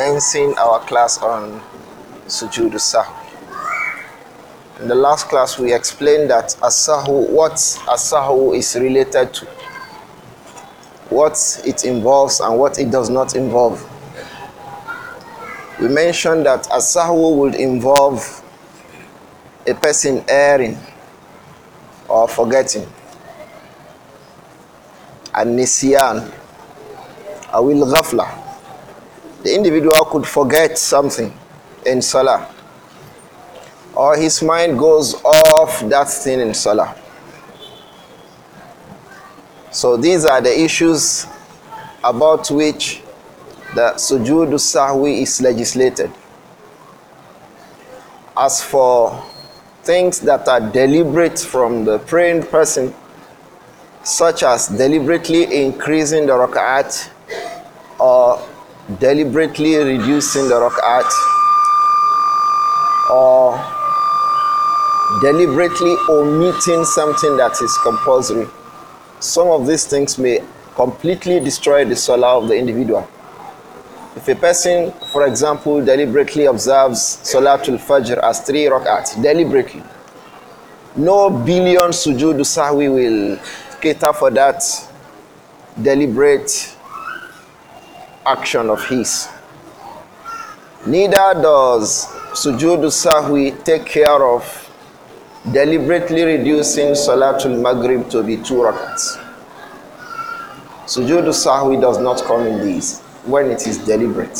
commencing our class on sujood sahu. In the last class, we explained that asahu, what asahu is related to, what it involves, and what it does not involve. We mentioned that asahu would involve a person erring or forgetting, and nisyan, awil ghafla the individual could forget something in Salah, or his mind goes off that thing in Salah. So these are the issues about which the sujood sahwi is legislated. As for things that are deliberate from the praying person, such as deliberately increasing the rak'at deliberately reducing the rock art, or deliberately omitting something that is compulsory. Some of these things may completely destroy the soul of the individual. If a person, for example, deliberately observes Salatul Fajr as three art, deliberately, no billion sujood sahwi will cater for that deliberate action of his. Neither does sujood sahwi take care of deliberately reducing Salatul Maghrib to be two rakats. Sujood sahwi does not come in these when it is deliberate.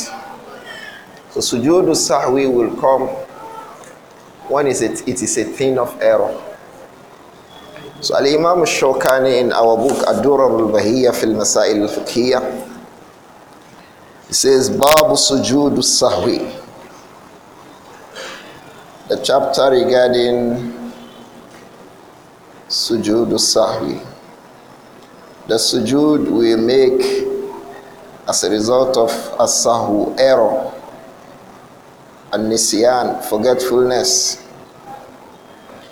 So sujood sahwi will come it. it is a thing of error. So Al-Imam Shawkani in our book Ad-Durar al-Bahiyya fil Masail al-Fiqhiyya it says, Babu sujudu Sahwi. The chapter regarding sujudu Sahwi. The sujud we make as a result of asahu, error, and nisyan, forgetfulness,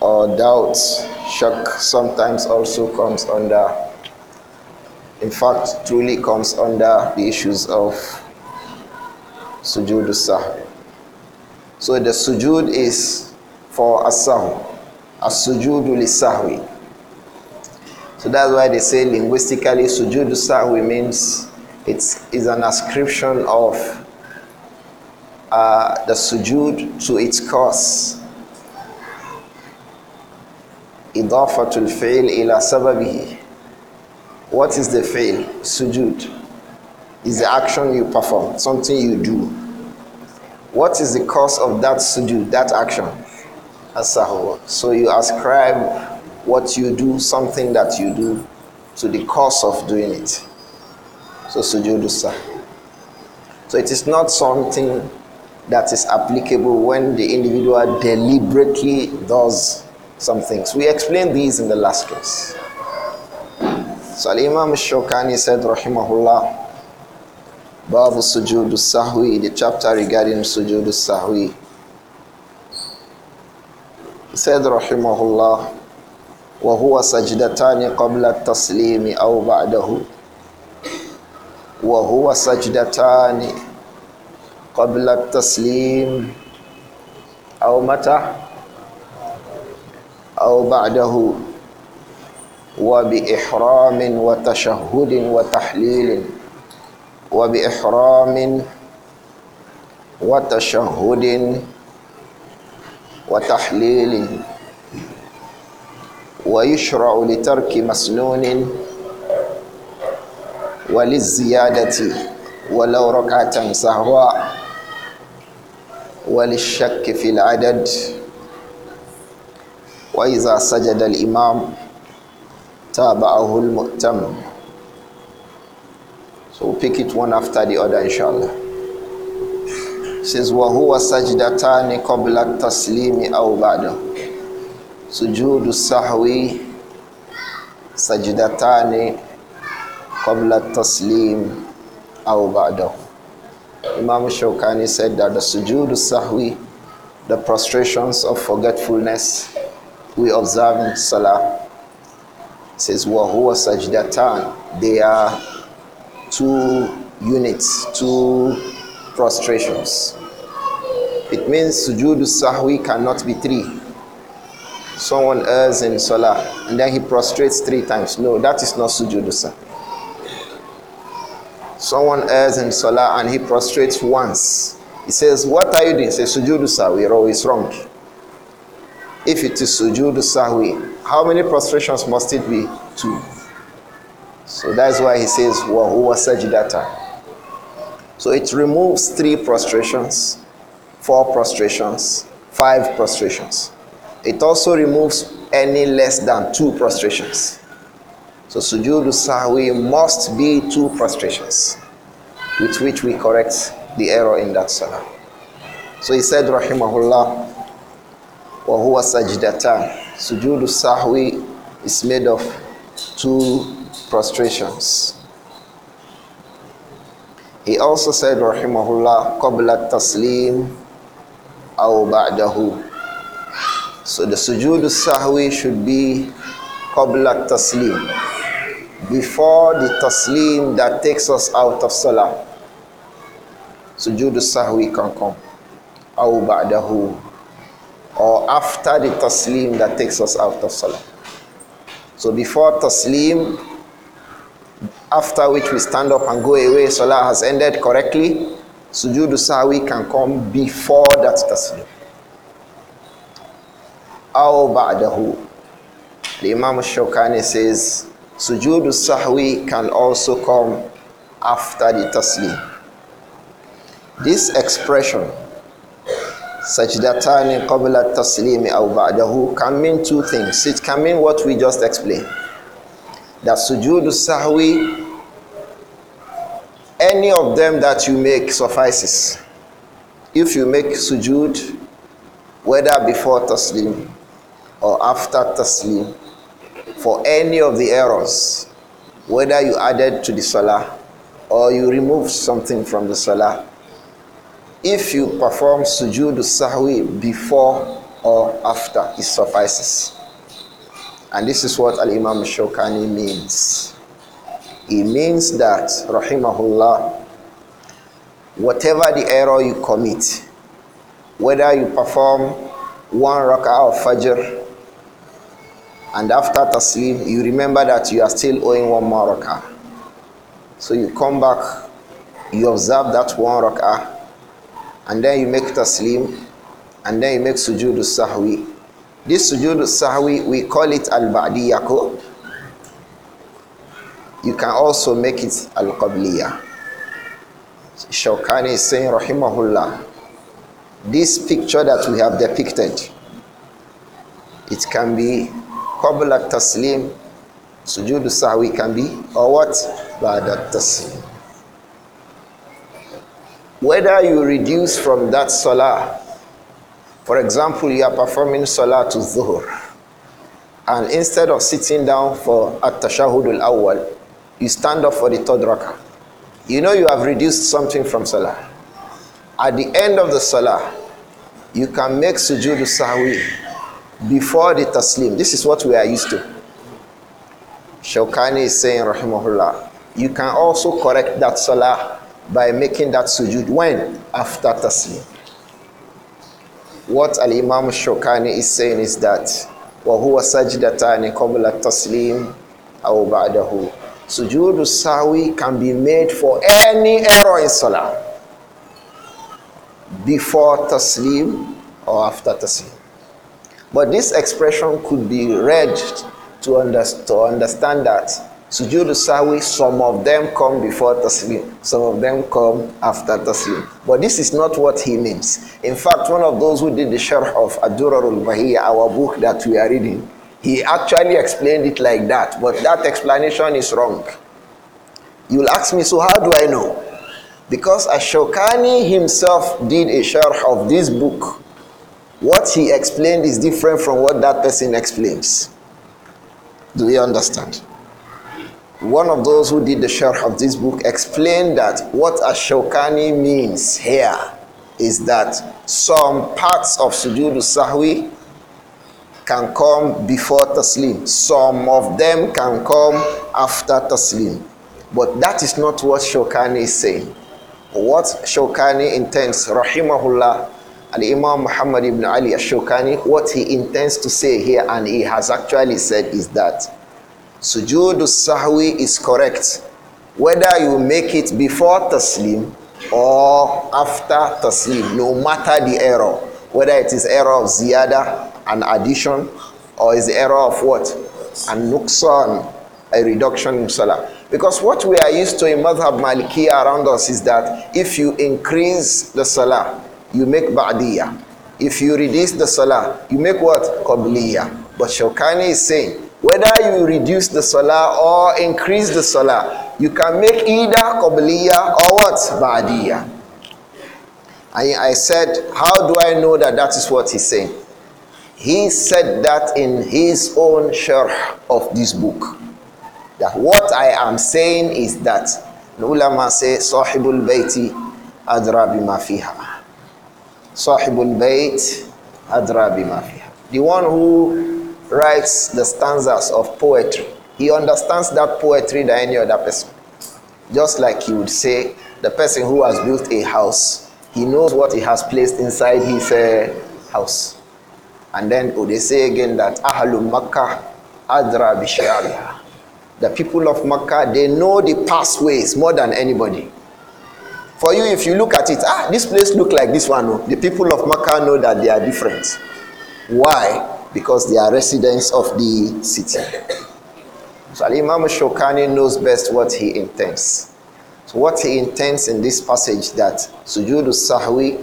or doubts. Shock sometimes also comes under, in fact, truly comes under the issues of sujood sahwi. So the sujood is for as A as-sujood sahwi. So that's why they say linguistically sujood sahwi means it's is an ascription of uh, the sujood to its cause. إضافة الفعل إلى سببه. What is the fail? Sujud is the action you perform, something you do. What is the cause of that sujud, that action? Asahur. So you ascribe what you do, something that you do, to the cause of doing it. So sah. So it is not something that is applicable when the individual deliberately does some things. We explained these in the last case. So Imam Shokani said, Rahimahullah, Babu Sujood Sahwi, the chapter regarding Sujood Sahwi. Said Rahimahullah, وهو سجدتان قبل التسليم أو بعده وهو سجدتان قبل التسليم أو متى أو بعده وبإحرام وتشهد وتحليل وبإحرام وتشهد وتحليل ويشرع لترك مسنون وللزيادة ولو ركعة سهوا وللشك في العدد وإذا سجد الإمام تابعه المؤتمر So we'll pick it one after the other, inshallah. says, وَهُوَ سَجْدَتَانِ قَبْلَ التَّسْلِيمِ أَوْ بَعْدَهُ سُجُودُ السَّهْوِ سَجْدَتَانِ قَبْلَ التَّسْلِيمِ أَوْ بَعْدَهُ Imam Shawkani said that the sujood sahwi, the prostrations of forgetfulness, we observe in Salah. says, وَهُوَ سَجْدَتَانِ They are two units, two prostrations. It means sujood sahwi cannot be three. Someone errs in salah and then he prostrates three times. No, that is not sujood sahwi. Someone errs in salah and he prostrates once. He says, "What are you doing?" He says, "Sujood sahwi." you're always wrong. If it is sujood sahwi, how many prostrations must it be? Two. So that's why he says, Wahua Sajidata. So it removes three prostrations, four prostrations, five prostrations. It also removes any less than two prostrations. So sujudu sahwi must be two prostrations with which we correct the error in that salah. So he said, Rahimahullah, wahhu huwa sajdatan. Sujudu sahwi is made of two prostrations. He also said, Rahimahullah, Qabla Taslim aw Ba'dahu. So the sujood sahwi should be Qabla Taslim, before the Taslim that takes us out of Salah. Sujood sahwi can come, aw Ba'dahu, or after the Taslim that takes us out of Salah. So before Taslim, after which we stand up and go away. Salah has ended correctly. Sujood Sawi can come before that taslim. Aw ba'dahu. The Imam Shokani says, Sujood Sahwi can also come after the taslim. This expression, sajdatani qabla taslimi aw ba'dahu, can mean two things. It can mean what we just explained that sujood sahwi any of them that you make suffices if you make sujood whether before taslim or after taslim for any of the errors whether you added to the salah or you removed something from the salah if you perform sujood sahwi before or after it suffices and this is what Al Imam Shawkani means. He means that, Rahimahullah, whatever the error you commit, whether you perform one rak'ah of Fajr and after Taslim, you remember that you are still owing one more rak'ah. So you come back, you observe that one rak'ah, and then you make Taslim, and then you make Sujood al Sahwi this sujood sahwi, we call it al-ba'diyako. You can also make it al-qabliya. Shawkani is saying, rahimahullah, this picture that we have depicted, it can be qabla taslim, sujood sahwi can be, or what? Ba'da taslim. Whether you reduce from that salah for example, you are performing Salah to Zuhur, and instead of sitting down for At Tashahud al Awwal, you stand up for the third rakah. You know you have reduced something from Salah. At the end of the Salah, you can make sujood sahwi before the taslim. This is what we are used to. Shawkani is saying, Rahimahullah, you can also correct that salah by making that sujood when? After taslim. What Al Imam Shokani is saying is that وَهُوَ سَجْدَتَانِ قَبْلَ التَّسْلِيمِ أَوْ بَعْدَهُ Sujood sawi can be made for any error in Salah. Before taslim or after taslim. But this expression could be read to, under, to understand that the sawi, some of them come before taslim, some of them come after taslim. But this is not what he means. In fact, one of those who did the sharh of Ad-Durarul Bahiyya, our book that we are reading, he actually explained it like that, but that explanation is wrong. You'll ask me, so how do I know? Because Ashokani himself did a sharh of this book. What he explained is different from what that person explains. Do you understand? One of those who did the sharh of this book explained that what Ashokani means here is that some parts of sujood sahwi can come before taslim. Some of them can come after taslim. But that is not what Shokani is saying. What Shokani intends, Rahimahullah, Al Imam Muhammad ibn Ali Shokani, what he intends to say here and he has actually said is that Sujood sahwi is correct, whether you make it before taslim or after taslim, no matter the error, whether it is error of ziyada, an addition, or is the error of what? An nuqsan, a reduction in salah. Because what we are used to in Madhab Maliki around us is that if you increase the salah, you make ba'diyah. If you reduce the salah, you make what? Qabliyah. But Shawkani is saying whether you reduce the salah or increase the salah, you can make either qabliya or what? Ba'diya. I, I said, how do I know that that is what he's saying? He said that in his own sharh of this book. That what I am saying is that ulama say, Sahibul Bayti adra bima fiha. Sahibul Bayt adra bima fiha. The one who writes the stanzas of poetry. He understands that poetry than any other person. Just like he would say, the person who has built a house, he knows what he has placed inside his uh, house. And then oh, they say again that Ahlul Makkah Adra bisharia. The people of Makkah, they know the pathways more than anybody. For you, if you look at it, ah, this place look like this one. Oh. The people of Makkah know that they are different. Why? because they are residents of the city. So Imam Shokani knows best what he intends. So what he intends in this passage that sujudu sahwi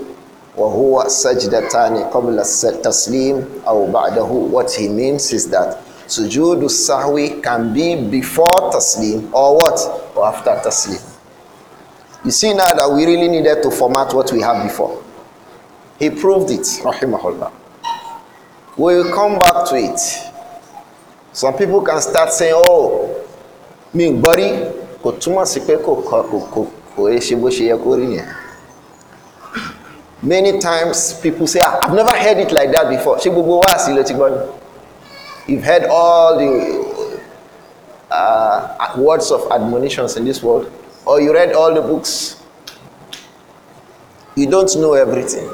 wa huwa sajdatani qabla taslim aw ba'dahu what he means is that sujudu sahwi can be before taslim or what or after taslim. You see now that we really needed to format what we have before. He proved it, rahimahullah. We'll come back to it. Some people can start saying, oh, mi gbọ́rí kò túmọ̀ sí pé kò kò kò kò é ṣe bó ṣe yẹ kó rí yẹn. Many times people say, ah, I've never heard it like that before. Ṣé gbogbo wá sí ló ti gbọ́ ni? You've heard all the uh, words of admonitions in this world or you read all the books. You don't know everything.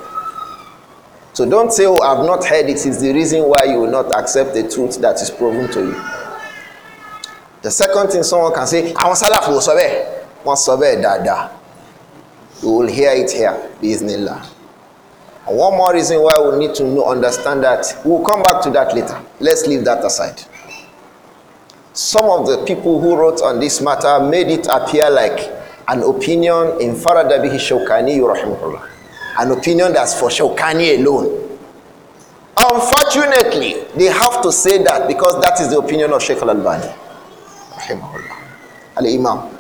So don't say, Oh, I've not heard it, is the reason why you will not accept the truth that is proven to you. The second thing someone can say, I want Salaf will sobe. dada. You will hear it here, Bismillah. And one more reason why we need to know, understand that, we'll come back to that later. Let's leave that aside. Some of the people who wrote on this matter made it appear like an opinion in Faradabihi Shawkani, rahimullah. An opinion that's for sure Kanye alone. Unfortunately, they have to say that because that is the opinion of Sheikh Al Albani. Al Imam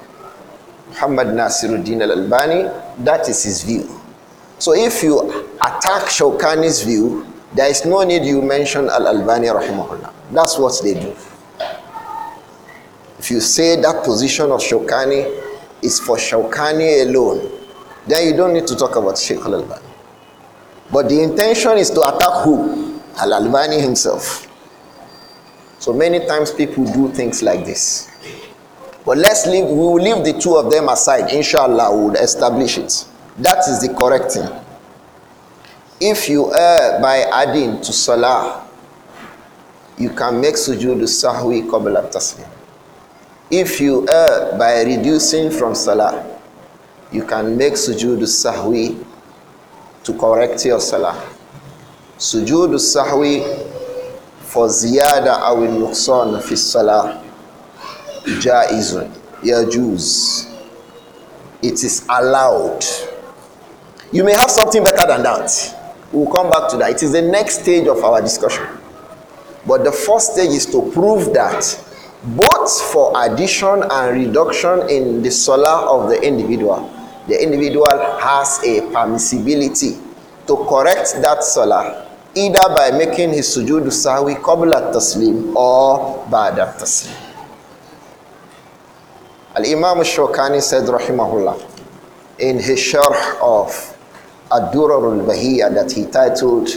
Muhammad Nasiruddin Al Albani, that is his view. So if you attack Shawkani's view, there is no need you mention Al Albani rahimahullah. That's what they do. If you say that position of Shawkani is for Shawkani alone, then you don't need to talk about Sheikh Al Albani. But the intention is to attack who? Al Albani himself. So many times people do things like this. But let's leave, we will leave the two of them aside. Inshallah, we will establish it. That is the correct thing. If you err by adding to salah, you can make sujood sahwi qabla taslim. If you err by reducing from salah, you can make sujood sahwi to correct your salah. Sujood sahwi for ziyada aw nuqsan fi salah jaizun. Your Jews, it is allowed. You may have something better than that. We'll come back to that. It is the next stage of our discussion. But the first stage is to prove that both for addition and reduction in the solar of the individual, the individual has a permissibility to correct that salah either by making his sujood sahwi qabla taslim or ba'da taslim. Al-Imam shawkani said rahimahullah in his sharh of Ad-Durar al-Bahiyya that he titled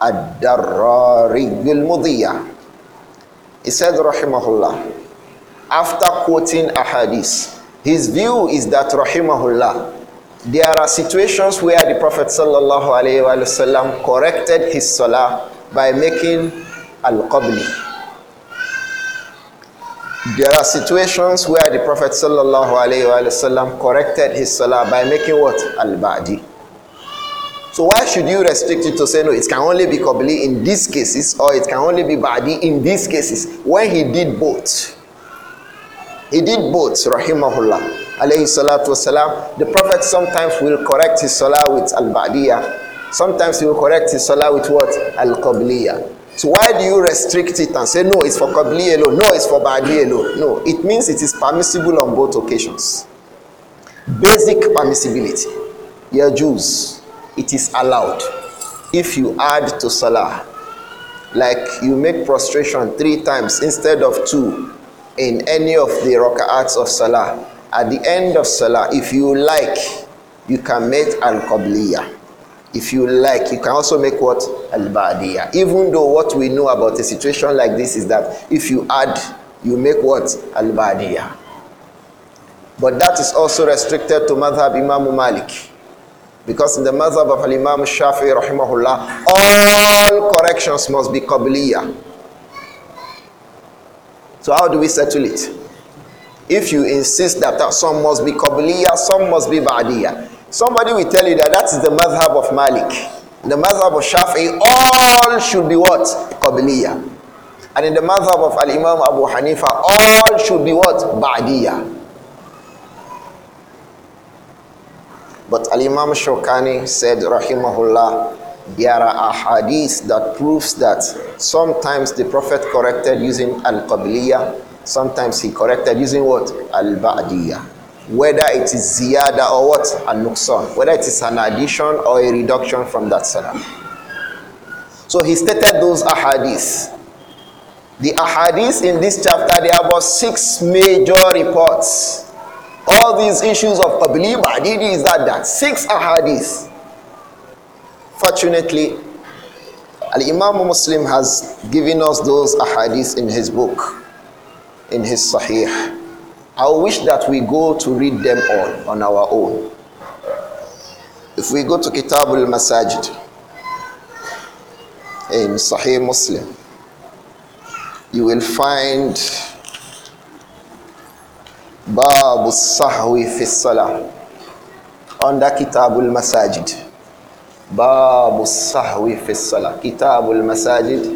Ad-Darrari al-Mudiyya he said rahimahullah after quoting a hadith his view is that rahimahullah. There are situations where the Prophet sallallahu alaihi wasallam corrected his salah by making al-qabli. There are situations where the Prophet sallallahu alaihi wasallam corrected his salah by making what al-badi. So why should you restrict it to say no? It can only be qabli in these cases, or it can only be badi in these cases. When he did both. He did both, rahimahullah. Alayhi salatu wasalam. The Prophet sometimes will correct his salah with al-ba'diyah. Sometimes he will correct his salah with what? Al-qabliyah. So why do you restrict it and say no, it's for Qabli alone, no, it's for Ba'di alone? No, it means it is permissible on both occasions. Basic permissibility. You're Jews, it is allowed if you add to Salah. Like you make prostration three times instead of two, in any of the rak'ats of salah. At the end of salah, if you like, you can make al-qabliya. If you like, you can also make what? Al-ba'diyah. Even though what we know about a situation like this is that if you add, you make what? Al-ba'diyah. But that is also restricted to madhab Imam Malik. Because in the madhab of Imam Shafi rahimahullah, all corrections must be qabliya. So how do we settle it? If you insist that, that some must be Qabliya, some must be Ba'diya. Somebody will tell you that that is the madhab of Malik. The madhab of Shafi. all should be what? Qabliya. And in the madhab of Al Imam Abu Hanifa, all should be what? Ba'diya. But Al Imam Shokani said, Rahimahullah, there are hadith that proves that sometimes the Prophet corrected using al-qabliya, sometimes he corrected using what? Al-ba'diyah. Whether it is ziyada or what? Al-nuqsan. Whether it is an addition or a reduction from that salam. So he stated those ahadith. The ahadith in this chapter, there are about six major reports. All these issues of qabliya, ba'diyah, is that, that. Six ahadith. Fortunately, Al Imam Muslim has given us those ahadith in his book, in his Sahih. I wish that we go to read them all on our own. If we go to Kitab al Masajid in Sahih Muslim, you will find Babu Sahwi fi Salah under Kitab al Masajid باب الصحو في الصلاة كتاب المساجد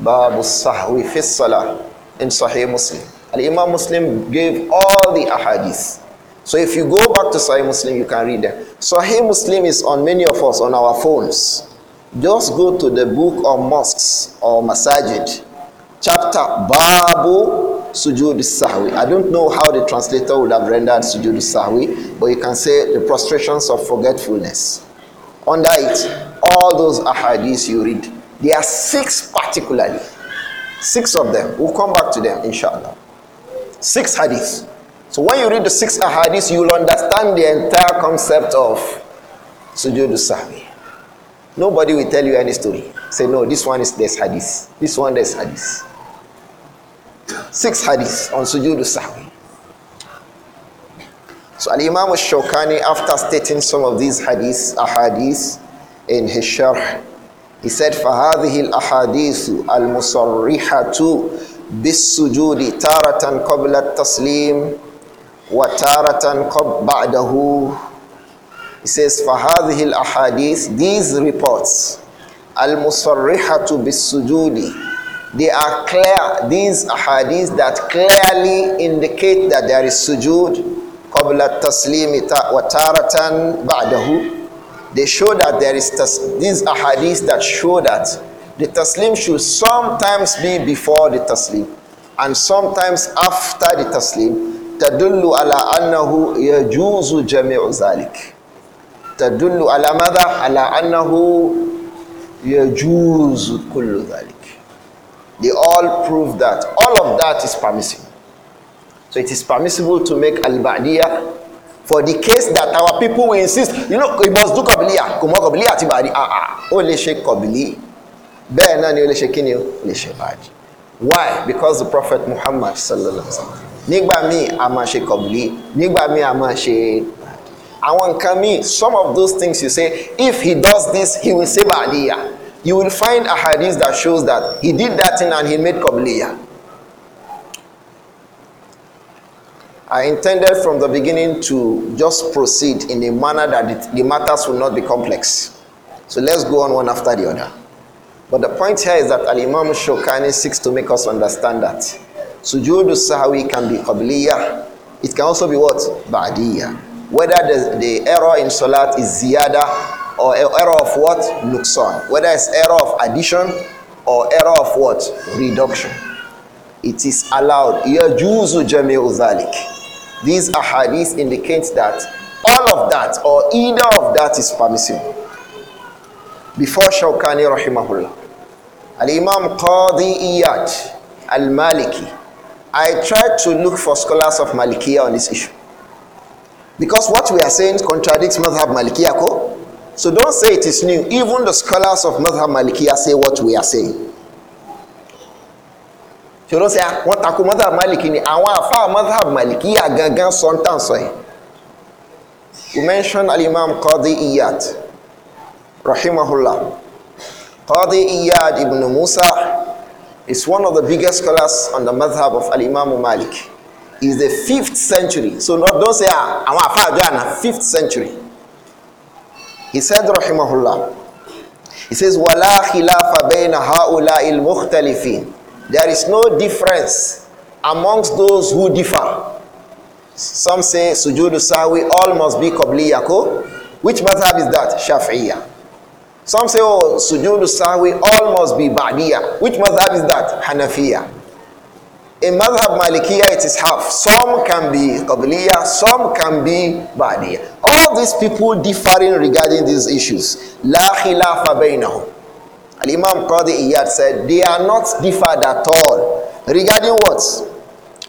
باب الصحو في الصلاة in Sahih Muslim and Imam Muslim gave all the ahadith so if you go back to Sahih Muslim you can read them Sahih Muslim is on many of us on our phones just go to the book of mosques or masajid chapter babu sujud sahwi i don't know how the translator would have rendered sujud sahwi but you can say the prostrations of forgetfulness under it all those ahadith you read. There are six particularly. Six of them. We'll come back to them, inshallah. Six hadiths. So when you read the six ahadith, you'll understand the entire concept of sujood sahwi. Nobody will tell you any story. Say, no, this one is this hadith. This one, this hadith. Six hadiths on sujood sahwi. So Al Imam al Shawkani, after stating some of these hadiths, ahadith in his sharh, he said, فَهَذِهِ الْأَحَادِيثُ الْمُصَرِّحَةُ بِالسُّجُودِ تَارَةً قَبْلَ التَّسْلِيمِ وَتَارَةً قَبْ بَعْدَهُ He says, فَهَذِهِ الْأَحَادِيثُ These reports, الْمُصَرِّحَةُ بِالسُّجُودِ They are clear, these ahadith that clearly indicate that there is sujood, qabla taslimi wa taratan ba'dahu they show that there is tas- these ahadith that show that the taslim should sometimes be before the taslim and sometimes after the taslim tadullu ala annahu yajuzu jami'u zalik tadullu ala madha ala annahu yajuzu kullu zalik they all prove that all of that is permissible So it is permissible to make alibadiya for the case that our people will insist you know you must do kọbìlíà kò mọ kọbìlíà àti bàdí ah ah ó lè ṣe kọbìlí bẹ́ẹ̀ náà ni ó lè ṣe kíni ó lè ṣe bàdí why because the prophet muhammad sallallahu alaihi wa sallam nígbà míì a máa ṣe kọbìlí nígbà míì a máa ṣe bàdí àwọn nǹkan míì some of those things you say if he does this he will say bàdíyà you will find a hadith that shows that he did that thing and he made kọbìlíyà. I intended from the beginning to just proceed in a manner that the matters will not be complex. So let's go on one after the other. But the point here is that Al Imam Shokani seeks to make us understand that sujood sahawi can be qabliya, it can also be what? Ba'diya. Whether the, the error in salat is ziyada or er, error of what? Nuksan. Whether it's error of addition or error of what? Reduction. It is allowed. Yajuzu jami'u dhalik. These ahadith indicate that all of that or either of that is permissible. Before Shawkani rahimahullah, Al-Imam Qadi Iyad Al-Maliki, I tried to look for scholars of Malikiya on this issue. Because what we are saying contradicts Madhab Malikiya So don't say it is new. Even the scholars of Madhab Malikiya say what we are saying. ṣòro sí wọn takò mọ́tàbù málìkì ni àwọn àfáà mọ́tàbù málìkì yà gangan sọ́ńtàn sọ yìí we mention al-imam qadi iyad rahimahullah qadi iyad ibn musa is one of the biggest scholars on the madhab of al-imam malik he is the fifth century so no, don't say ah àwọn àfáà àjọ àná fifth century he said rahimahullah he says wala khilafa bayna haula il There is no difference amongst those who differ. Some say sujood sawi all must be qabliyako. Which madhab is that? Shafi'iyah. Some say oh sujood sawi all must be ba'diyah. Which madhab is that? hanafiya? In madhab malikiyah it is half. Some can be qabliyah, some can be ba'diyah. All these people differing regarding these issues. La khilafa bainahum. Al Imam Qadi Iyad said, they are not differed at all regarding what?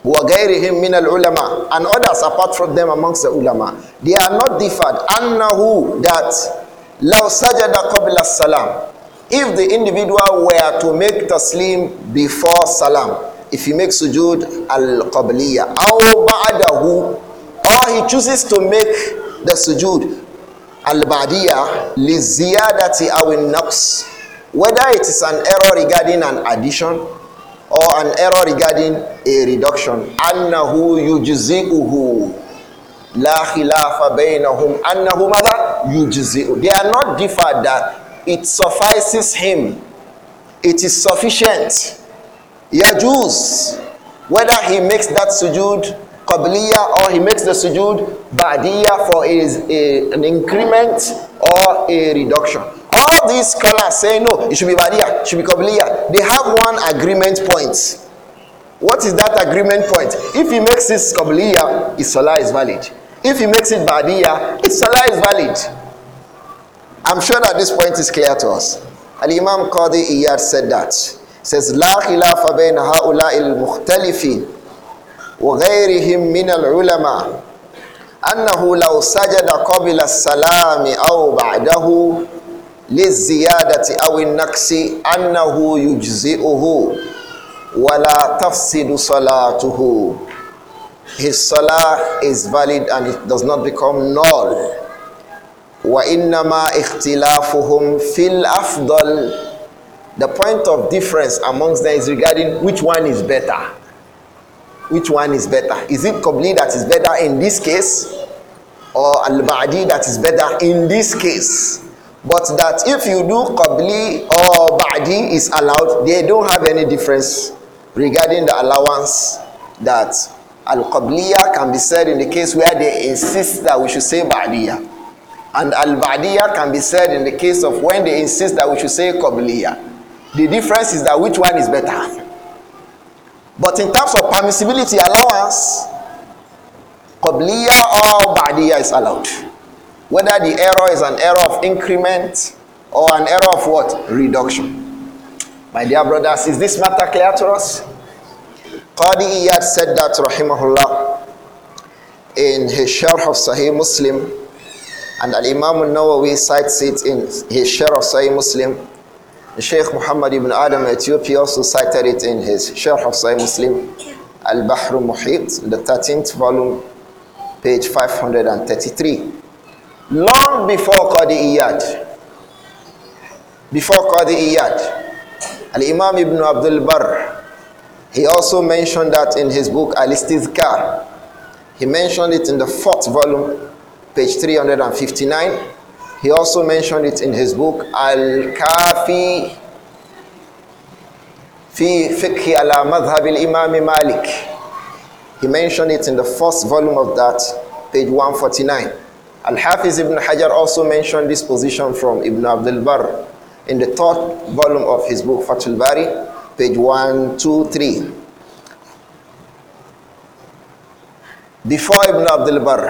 وغيرهم من العلماء and others apart from them amongst the ulama they are not differed who that law sajada qabla salam if the individual were to make taslim before salam if he makes sujud al qabliya aw ba'dahu or he chooses to make the sujud al ba'diya li ziyadati aw whether it is an error regarding an addition or an error regarding a reduction, annahu yujzi'uhu la khilafa bainahum annahu madha yujzi'u. They are not differed that it suffices him. It is sufficient. Yajuz, whether he makes that sujood qabliya or he makes the sujood ba'diya for is a, an increment or a reduction. all these scholars say no, it should be Badia, it should be Kabiliya, they have one agreement point. What is that agreement point? If he makes it Kabiliya, his Salah is valid. If he makes it Badia, his Salah is valid. I'm sure that this point is clear to us. and Imam Qadi Iyad said that. He says, لا خلاف بين هؤلاء وغيرهم من العلماء أنه لو سجد قبل السلام أو بعده His salah is valid and it does not become null وإنما اختلافهم fil afdal. The point of difference amongst them is regarding which one is better. Which one is better? Is it Qobli that is better in this case or Al-Ba'di that is better in this case? But that if you do qabli or ba'di is allowed, they don't have any difference regarding the allowance that al-qabliya can be said in the case where they insist that we should say ba'diya. And al-ba'diya can be said in the case of when they insist that we should say qabliya. The difference is that which one is better. But in terms of permissibility allowance, qabliya or ba'diya is allowed. Whether the error is an error of increment or an error of what? Reduction. My dear brothers, is this matter clear to us? Qadi Iyad said that, rahimahullah, in his Sharh of Sahih Muslim, and Al Imam al Nawawi cites it in his Sharh of Sahih Muslim. Sheikh Muhammad ibn Adam Ethiopia also cited it in his Sharh of Sahih Muslim, Al Bahru Muhit, the 13th volume, page 533 long before Qadi'iyat. Before Qadi'iyat. Al-Imam Ibn Abdul Barr, he also mentioned that in his book Al-Istizkar. He mentioned it in the fourth volume, page 359. He also mentioned it in his book Al-Kafi fi fiqh ala madhhab al-Imam Malik. He mentioned it in the first volume of that, page 149. Al-Hafiz ibn Hajar also mentioned this position from Ibn Abdul Barr in the third volume of his book Fatul Bari, page 123. Before Ibn Abdul Barr,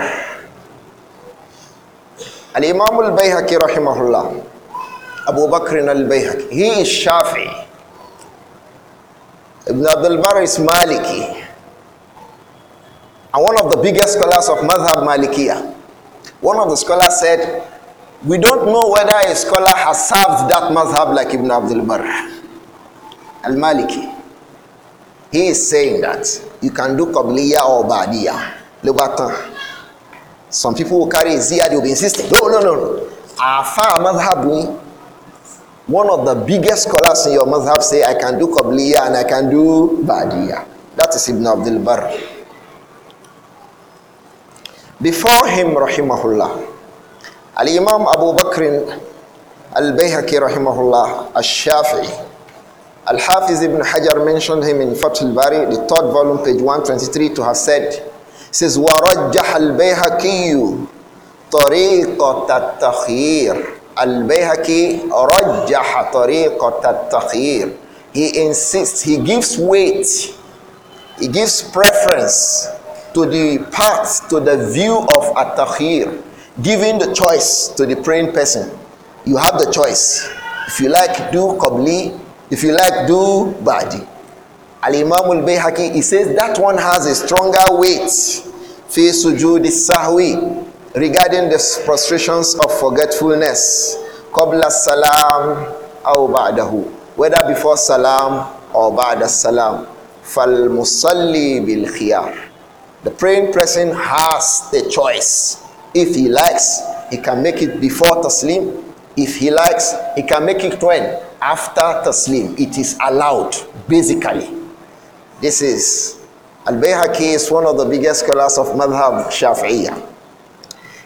Al Imam al Bayhaqi rahimahullah, Abu Bakr al Bayhaqi, he is Shafi. Ibn Abdul Barr is Maliki. And one of the biggest scholars of Madhab Malikiyah. One of the scholars said, We don't know whether a scholar has served that mazhab like Ibn Abdul Barr al Maliki. He is saying that you can do Qabliya or Badiya. Some people will carry Ziyad, they will be insisting. No, no, no, no. Afa mazhab one of the biggest scholars in your mazhab say, I can do Qabliya and I can do Badiya. That is Ibn Abdul Barr. Before him, rahimahullah, Al-Imam Abu Bakr Al-Bayhaqi rahimahullah, Al-Shafi'i, Al-Hafiz ibn Hajar mentioned him in Fath al-Bari, the third volume, page 123, to have said, says, wa rajjah al bayhaqi tariqat at takhir التَّخْيِيرِ Al-Bayhaqi rajjah tariqat at takhir He insists, he gives weight, he gives preference to the path, to the view of at-takhir, giving the choice to the praying person. You have the choice. If you like, do qabli. If you like, do badi. Al-Imam al-Bayhaqi, he says that one has a stronger weight. Fi sujud sahwi regarding the prostrations of forgetfulness. Qabla salam aw ba'dahu. Whether before salam or ba'da salam. bil بالخيار the praying person has the choice. If he likes, he can make it before taslim. If he likes, he can make it when? After taslim. It is allowed, basically. This is Al Bayhaqi is one of the biggest scholars of Madhab Shafi'iyah.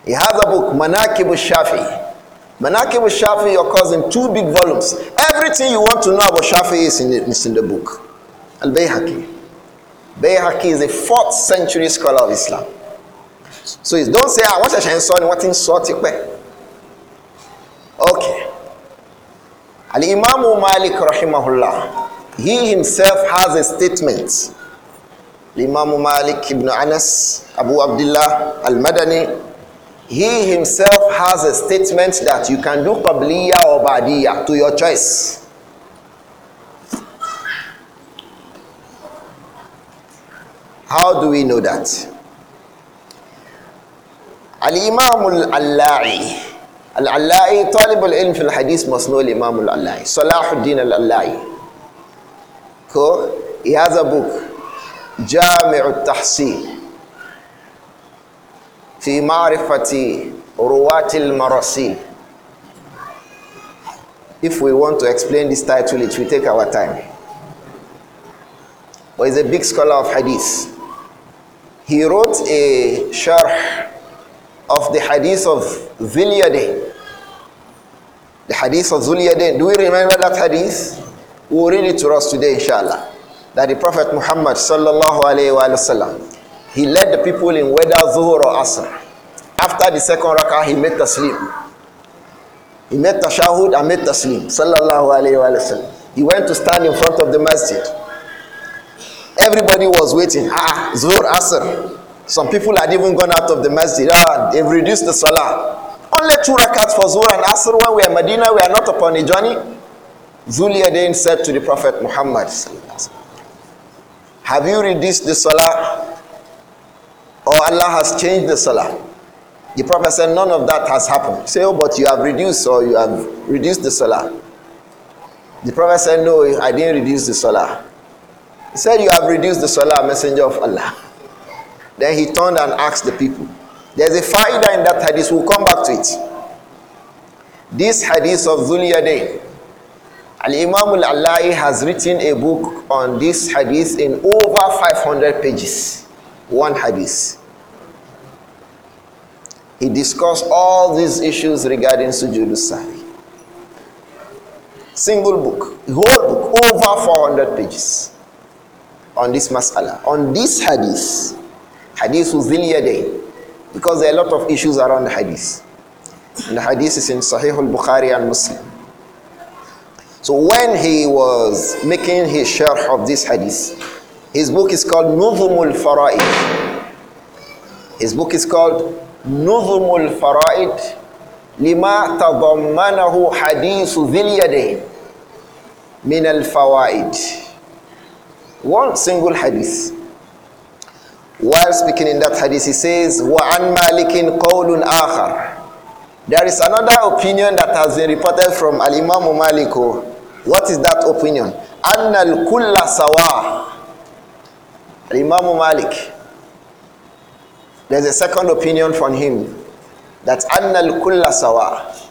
He has a book, Manakib al-Shafi. Manakib al-Shafi occurs two big volumes. Everything you want to know about Shafi is in, is in the book. Al-Bayhaqi. Bayhaqi is a 4th century scholar of Islam. So don't say, ah, want to change sọ ni wọ́n ti ń sọ Okay. Al-Imam Malik rahimahullah, he himself has a statement. Al-Imam Malik ibn Anas, Abu Abdullah al-Madani, he himself has a statement that you can do qabliya or badiya to your choice. How do we know that? Al-Imam al-Allai Al-Allai, طالب العلم في الحديث Hadith must know Imam al-Allai Salahuddin al-Allai Cool? He has a book جامع التحصيل في معرفة رواة المراسيل If we want to explain this title, it will take our time. But is a big scholar of hadith. he wrote a sharh of the hadith of Zulyadeh. The hadith of Zulyadeh. Do we remember that hadith? We'll read it to us today, inshallah. That the Prophet Muhammad sallallahu alayhi wa sallam, he led the people in whether Zuhur or Asr. After the second rakah, he made taslim. He made tashahud and made taslim. Sallallahu alayhi wa sallam. He went to stand in front of the masjid. Everybody was waiting. Ah, Zuhr Asr. Some people had even gone out of the masjid. Ah, they've reduced the salah. Only two rakats for Zuhr and Asr when we are Medina, we are not upon a journey. Zulia then said to the Prophet Muhammad, Have you reduced the salah? Or Allah has changed the salah? The Prophet said, None of that has happened. say, Oh, but you have reduced or you have reduced the salah. The Prophet said, No, I didn't reduce the salah. He said, You have reduced the salah, messenger of Allah. Then he turned and asked the people. There's a faida in that hadith, we'll come back to it. This hadith of Zuliyadeh. Al Imam Al Allahi has written a book on this hadith in over 500 pages. One hadith. He discussed all these issues regarding sujood sahwi. Single book, whole book, over 400 pages. on this mas'ala, on this hadith, hadith Zil because there are a lot of issues around the hadith. And the hadith is in Sahih al-Bukhari and Muslim. So when he was making his share of this hadith, his book is called Nuzumul Fara'id. His book is called Nuzumul Fara'id لما تضمنه حديث ذي min al-fawa'id. One single hadith. While speaking in that hadith, he says, وَعَنْ مَالِكٍ قَوْلٌ آخَرٌ There is another opinion that has been reported from Al-Imam Malik. Oh. What is that opinion? أَنَّ الْكُلَّ سَوَى Al-Imam Malik. There's a second opinion from him. That أَنَّ الْكُلَّ سَوَى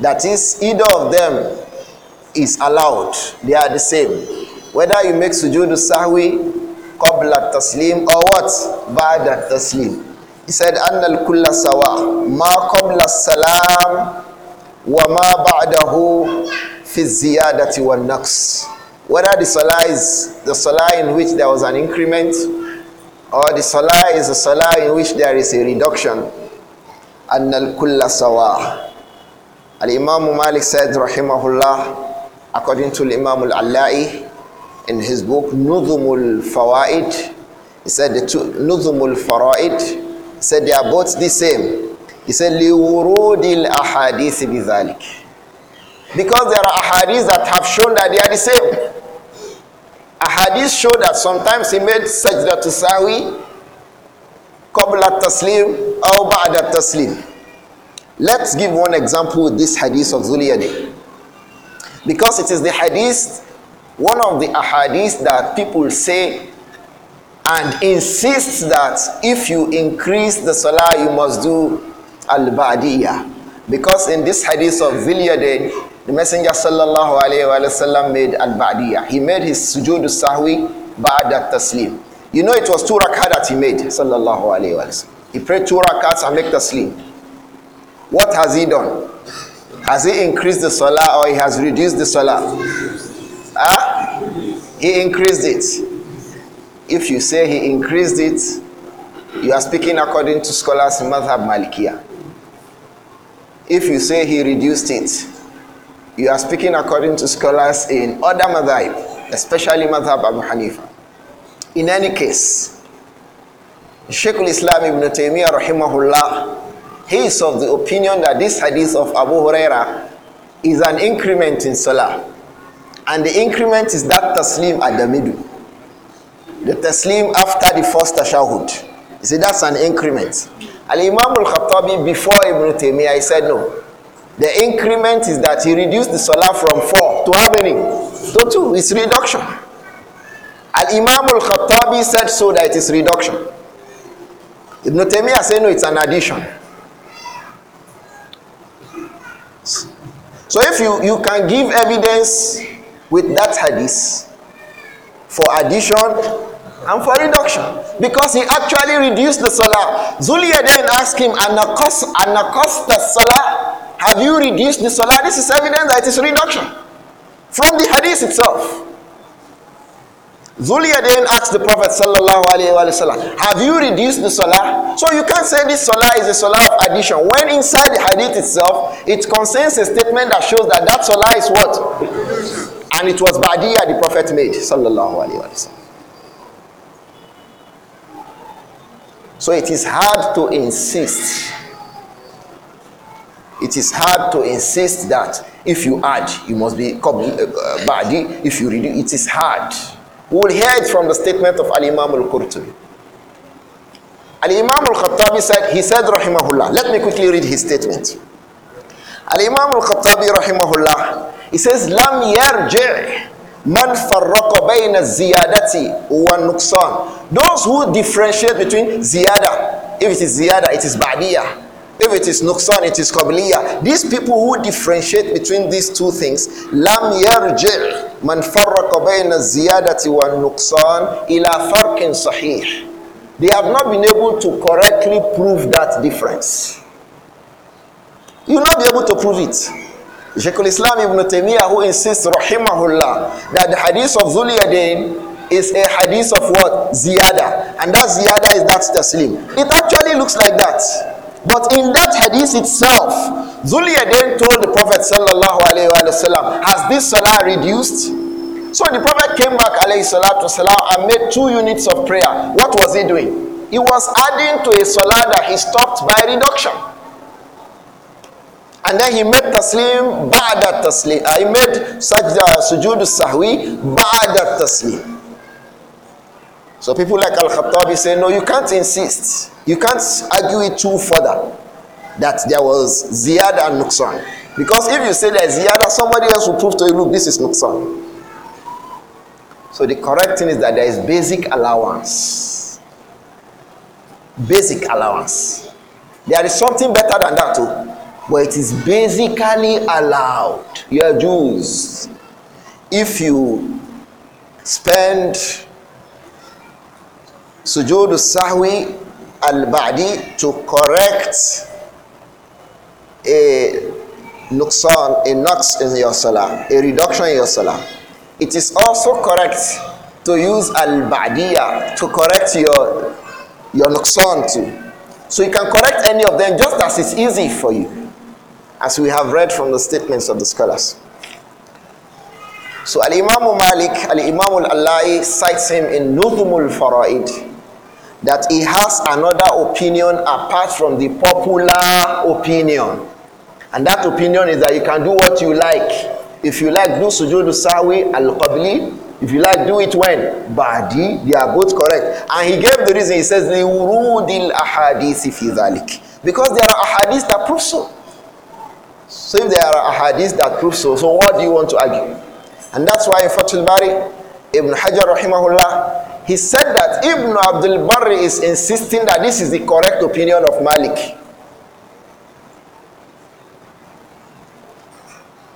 That is, either of them is allowed. They are the same. Whether you make sujood sahwi, qabla taslim, or what? Ba'da taslim. He said, أَنَّ الْكُلَّ سَوَاءٌ salam wa ma وَمَا fi ziyadati الزِّيَادَةِ وَالنَّقْصِ Whether the salah is the salah in which there was an increment, or the salah is a salah in which there is a reduction. al الكل سواء Imam Malik said "Rahimahullah." according to Imam al-Allai in his book Nuzumul Fawaid, he said the two Nuzumul said they are both the same. He said Liwurudil Ahadith bidhalik. Because there are ahadith that have shown that they are the same. Ahadith show that sometimes he made sajda to sawi qabla taslim or ba'da taslim. Let's give one example with this hadith of Zuliyadi. Because it is the hadith one of the ahadith that people say and insists that if you increase the salah, you must do al-ba'diyah. Because in this hadith of Zilyadin, the Messenger sallallahu alayhi made al-ba'diyah. He made his sujood sahwi ba'da taslim. You know it was two rak'ah that he made sallallahu He prayed two rak'ahs and the taslim. What has he done? Has he increased the salah or he has reduced the salah? Ah, huh? He increased it. If you say he increased it, you are speaking according to scholars in Madhab Malikiya. If you say he reduced it, you are speaking according to scholars in other madhab, especially madhab Abu Hanifa. In any case, sheik al-Islam ibn Taymiyyah rahimahullah, he is of the opinion that this hadith of Abu Huraira is an increment in salah. And the increment is that taslim at the middle. The taslim after the first tashahud. You see, that's an increment. Al Imam al Khattabi, before Ibn Taymiyyah, he said no. The increment is that he reduced the salah from four to how many? To two. It's reduction. Al Imam al Khattabi said so that it is reduction. Ibn Taymiyyah said no, it's an addition. So if you, you can give evidence with that hadith for addition and for reduction because he actually reduced the salah. Zulia then asked him, Anakos, the salah, have you reduced the salah? This is evidence that it is reduction from the hadith itself. Zulia then asked the Prophet "Have you reduced the salah?" So you can't say this salah is a salah of addition when inside the hadith itself it contains a statement that shows that that salah is what and it was Badia the Prophet made, sallallahu alayhi So it is hard to insist. It is hard to insist that if you add, you must be uh, uh, badi. If you reduce, it is hard. We will hear it from the statement of Al Imam Al Qurtubi. Al Imam Al Khattabi said, he said, rahimahullah. Let me quickly read his statement. Al Imam Al Khattabi, rahimahullah, he says, Lam yarji' man farraqa bayna ziyadati wa Those who differentiate between ziyada, if it is ziyada, it is badiya; If it is nuksan, it is qabliya. These people who differentiate between these two things, lam yarji' man farraqa bayna ziyadati wa ila sahih. They have not been able to correctly prove that difference. You will not be able to prove it. Sheikh al-Islam Ibn Taymiyyah who insists, rahimahullah, that the hadith of Zuliyadain is a hadith of what? Ziyada. And that ziyada is that taslim. It actually looks like that. But in that hadith itself, Zuliyadain told the Prophet sallallahu alayhi wa sallam, has this salah reduced? So the Prophet came back alayhi salatu salam and made two units of prayer. What was he doing? He was adding to a salah that he stopped by reduction. And then he made taslim ba'da taslim. I made sajda uh, sujood sahwi ba'da taslim. So people like Al-Khattabi say, no, you can't insist. You can't argue it too further that there was ziyad and Nuksan, Because if you say there's ziyada, somebody else will prove to you, look, this is Nuksan. So the correct thing is that there is basic allowance. Basic allowance. There is something better than that too but it is basically allowed. You are Jews. If you spend sujood sahwi al-ba'di to correct a nuqsan, a nux in your salah, a reduction in your salah, it is also correct to use al-ba'diya to correct your your nuqsan too. So you can correct any of them just as it's easy for you as we have read from the statements of the scholars. So Al Imam Malik, Al Imam Al Allai cites him in Nuzumul Fara'id that he has another opinion apart from the popular opinion. And that opinion is that you can do what you like. If you like, do sujood sawi al qabli. If you like, do it when? Badi. They are both correct. And he gave the reason. He says, Because there are ahadith that prove so. So if there are hadiths that prove so, so what do you want to argue? And that's why in Fatul Bari, Ibn Hajar rahimahullah, he said that Ibn Abdul bari is insisting that this is the correct opinion of Malik.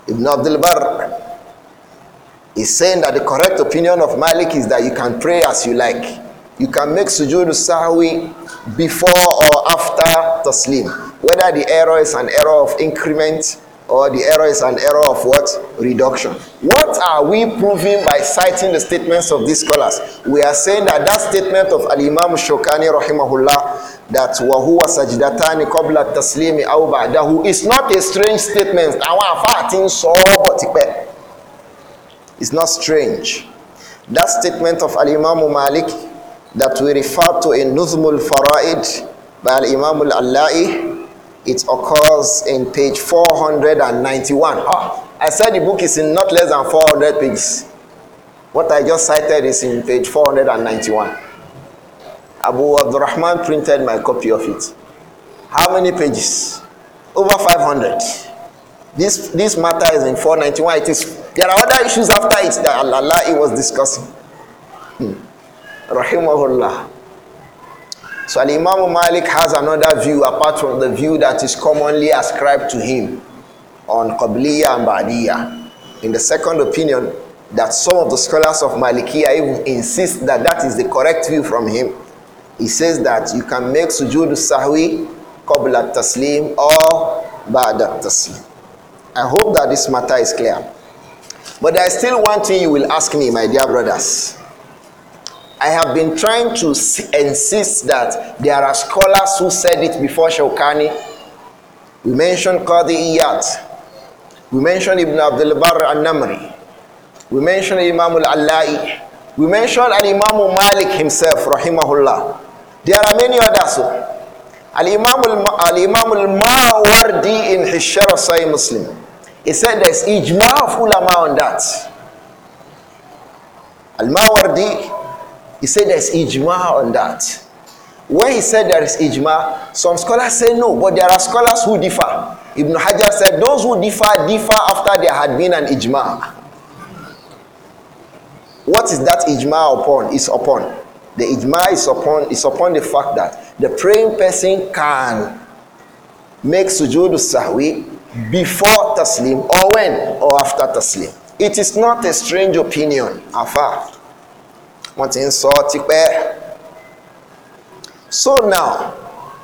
Ibn Abdul bari is saying that the correct opinion of Malik is that you can pray as you like. You can make sujood sahwi before or after taslim. Whether the error is an error of increment or the error is an error of what? Reduction. What are we proving by citing the statements of these scholars? We are saying that that statement of Al-Imam Shokani rahimahullah that وَهُوَ سَجْدَتَانِ قَبْلَ التَّسْلِيمِ أَوْ بَعْدَهُ is not a strange statement. It's not strange. That statement of Al-Imam Malik that we refer to in Nuzmul Fara'id by Al-Imam Al-Allai it occurs in page 491. Oh, ah. I said the book is in not less than 400 pages. What I just cited is in page 491. Abu Abdurrahman printed my copy of it. How many pages? Over 500. This, this matter is in 491. It is, there are other issues after it that Allah was discussing. Hmm. Rahimahullah. So Al Imam Malik has another view apart from the view that is commonly ascribed to him on Qabliya and Ba'diya. In the second opinion, that some of the scholars of Malikiya even insist that that is the correct view from him. He says that you can make sujood sahwi qabla taslim or ba'da taslim. I hope that this matter is clear. But there is still one thing you will ask me, my dear brothers. I have been trying to insist that there are scholars who said it before Shawkani. We mentioned Qadi Iyad. We mentioned Ibn Abdul Barr al-Namri. We mentioned Imam al-Allai. We mentioned Al-Imam Malik himself, rahimahullah. There are many others. Al-Imam al-Imam al-Mawardi in his Sharaf Sahih Muslim. He said there's ijma of ulama on that. Al-Mawardi He said there's ijma on that. When he said there is ijma, some scholars say no, but there are scholars who differ. Ibn Hajar said those who differ differ after there had been an ijma. What is that ijma upon? Is upon the ijma is upon is upon the fact that the praying person can make sujood sahwi before taslim or when or after taslim. It is not a strange opinion afar wọ́n ti ń sọ tipẹ́. So now,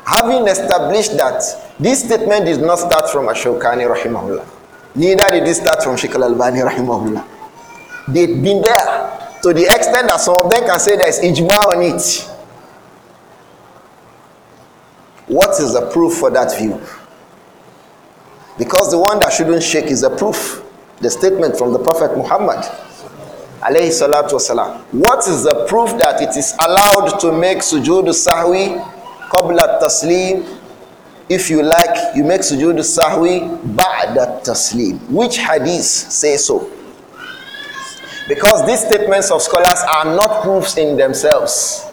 having established that this statement did not start from Ashokani rahimahullah, neither did it start from Sheikh Al-Albani rahimahullah. They've been there to the extent that some of them can say there is ijma on it. What is the proof for that view? Because the one that shouldn't shake is the proof, the statement from the Prophet Muhammad alayhi salatu wasalam. What is the proof that it is allowed to make sujood sahwi qabla taslim? If you like, you make sujood sahwi ba'da taslim. Which hadith say so? Because these statements of scholars are not proofs in themselves.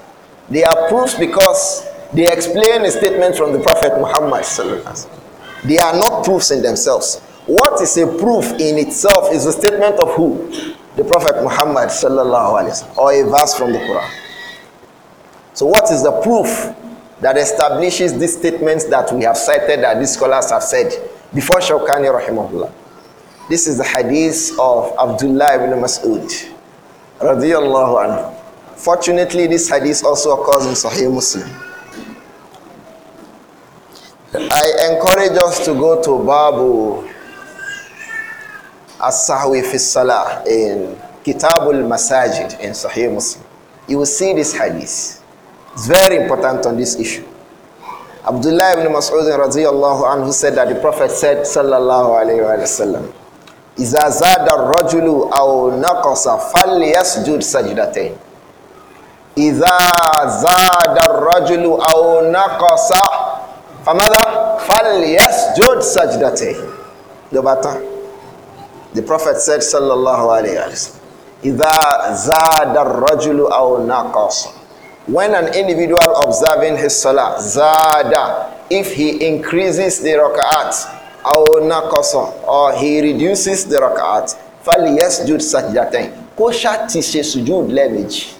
They are proofs because they explain a statement from the Prophet Muhammad. They are not proofs in themselves. What is a proof in itself is a statement of who? the Prophet Muhammad or a verse from the Quran. So, what is the proof that establishes these statements that we have cited that these scholars have said before Shawkani rahimahullah? This is the hadith of Abdullah ibn Mas'ud radiyallahu anhu. Fortunately, this hadith also occurs in Sahih Muslim. I encourage us to go to Babu as-Sahwi fi Salah in Kitabul Masajid in Sahih Muslim. You will see this hadith. It's very important on this issue. Abdullah ibn Mas'ud radiyallahu anhu said that the Prophet said, sallallahu alayhi wa sallam, إِذَا زَادَ الرَّجُلُ أَوْ نَقَصَ فَلْيَسْجُدْ سَجْدَتَيْنِ إِذَا زَادَ الرَّجُلُ أَوْ نَقَصَ فَمَاذَا فَلْيَسْجُدْ سَجْدَتَيْنِ The the Prophet said, Sallallahu Alaihi Wasallam, When an individual observing his salah, zada, if he increases the rak'at, or he reduces the rak'at, فَلْيَسْجُدْ سَجْدَتَيْن Kó ṣá ti ṣe sujud lẹ́ẹ̀mejì.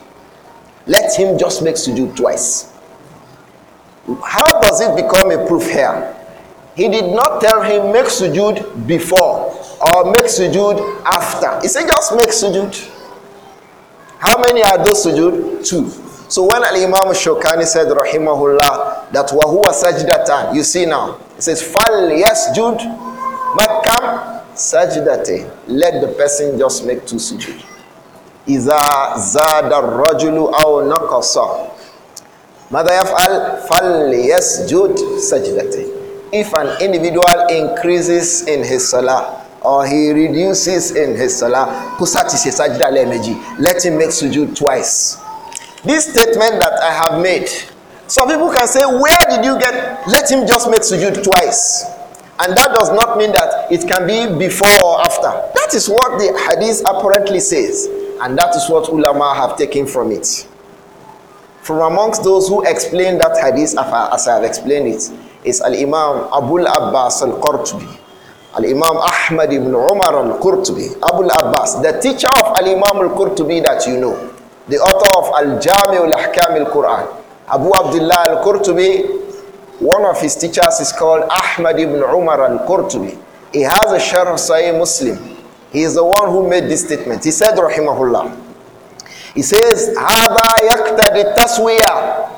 Let him just make sujud twice. How does it become a proof here? He did not tell him make sujud before or make sujood after. He said, just make sujood. How many are those sujood? Two. So when Al Imam Shokani said, Rahimahullah, that Wahua Sajdatan, you see now, it says, Fal yes jud makam Sajdate. Let the person just make two sujood. zada زاد aw أو نقص ماذا yes jud سجدته if an individual increases in his salah or he reduces in his salah Kusati se sájídà lẹ́ẹ̀mejì let him make sujud twice this statement that i have made some people can say where did you get let him just make sujud twice and that does not mean that it can be before or after that is what the hadith apparently says and that is what ulama have taken from it from amongst those who explain that hadith as i have explained it is al-imam abul abbas al-qurtubi Al-Imam Ahmad ibn Umar al-Qurtubi, Abu abbas the teacher of Al-Imam al-Qurtubi that you know, the author of Al-Jami al-Ahkam al-Quran, Abu Abdullah al-Qurtubi, one of his teachers is called Ahmad ibn Umar al-Qurtubi. He has a Sharh Sahih Muslim. He is the one who made this statement. He said, Rahimahullah, he says, هَذَا يَقْتَدِ التَّسْوِيَةِ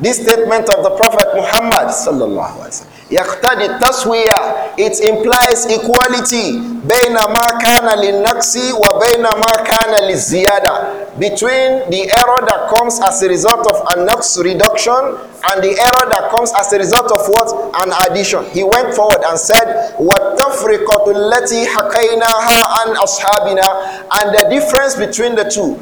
This statement of the Prophet Muhammad sallallahu alaihi wasallam يقتضي التسوية it implies equality بين ما كان للنقص وبين ما كان للزيادة between the error that comes as a result of a naqs reduction and the error that comes as a result of what an addition he went forward and said والتفرقة التي حكيناها عن أصحابنا and the difference between the two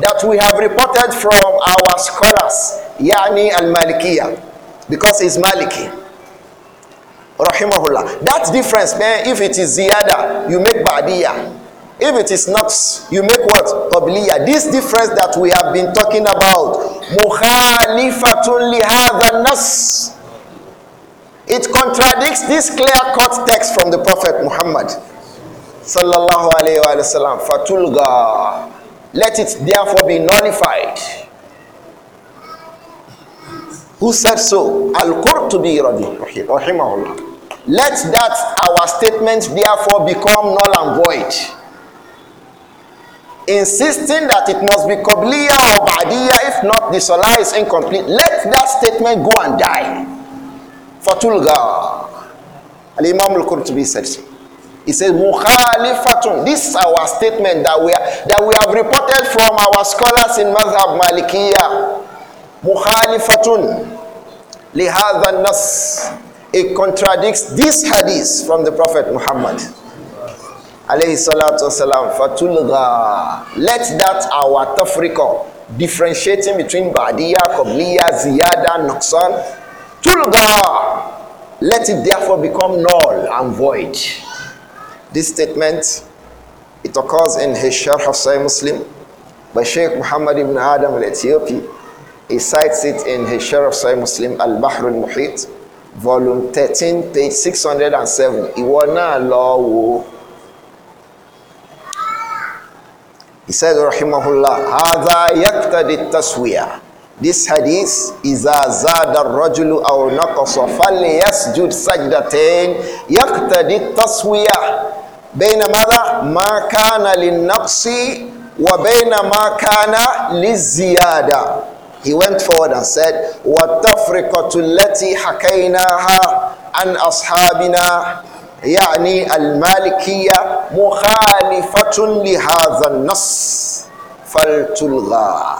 that we have reported from our scholars yani al-malikiyah because it's maliki الله. that difference man if it is ziyada you make ba'diyah if it is not you make what qabliya this difference that we have been talking about مخالفة li hadha it contradicts this clear cut text from the prophet muhammad sallallahu alayhi wa sallam fatulga let it therefore be nullified who said so al-qurtubi rahimahullah let that our statement therefore become null and void insisting that it must be qabliya or ba'diya if not the salah is incomplete let that statement go and die fatulga al-imam al-qurtubi said so he says, Mukhalifatun. This is our statement that we, are, that we have reported from our scholars in Madhab Malikiya. Mukhalifatun. Lihadha nas. It contradicts this hadith from the Prophet Muhammad. Alayhi salatu wasalam. Fatulga. Let that our tafriqa, differentiating between Ba'diya, Qabliya, Ziyada, Noxan. Tulga. Let it therefore become null and void. This statement, it occurs in his Sharh of Sahih Muslim by Sheikh Muhammad ibn Adam al-Ethiopi. He cites it in his Sharh of Sahih Muslim, Al-Bahr al-Muhit, volume 13, page 607. He said, Rahimahullah, هذا يقتضي التسوية. This hadith إذا زاد الرجل أو نقص فليسجد سجدتين يقتضي التسوية. بين ماذا ما كان للنقص وبين ما كان للزيادة He went forward and said والتفرقة التي حكيناها عن أصحابنا يعني المالكية مخالفة لهذا النص فلتلغى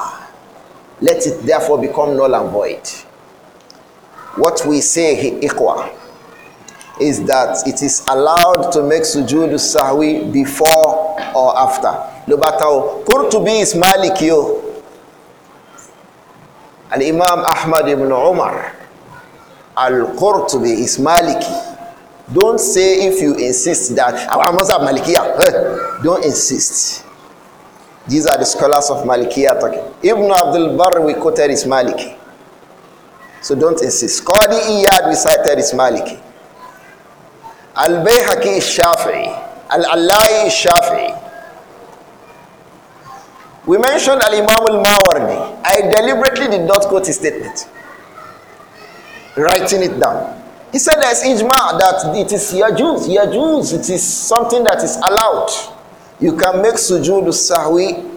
Let it therefore become null and void. What we say, إخوة is that it is allowed to make sujood sahwi before or after. No, bá ta Qurtubi is Maliki o. Al-Imam Ahmad ibn Umar Al-Qurtubi is Maliki. Don't say if you insist that I must have Malikiya. Don't insist. These are the scholars of Malikiya talking. Ibn Abdul Barr we quoted is Maliki. So don't insist. Qadi Iyad we cited is Maliki. Al-Bayhaqi Shafi'i, Al-Allai Shafi'i. We mentioned Al-Imam Al-Mawardi. I deliberately did not quote his statement. Writing it down. He said there's ijma that it is yajuz. Yajuz, it is something that is allowed. You can make sujood sahwi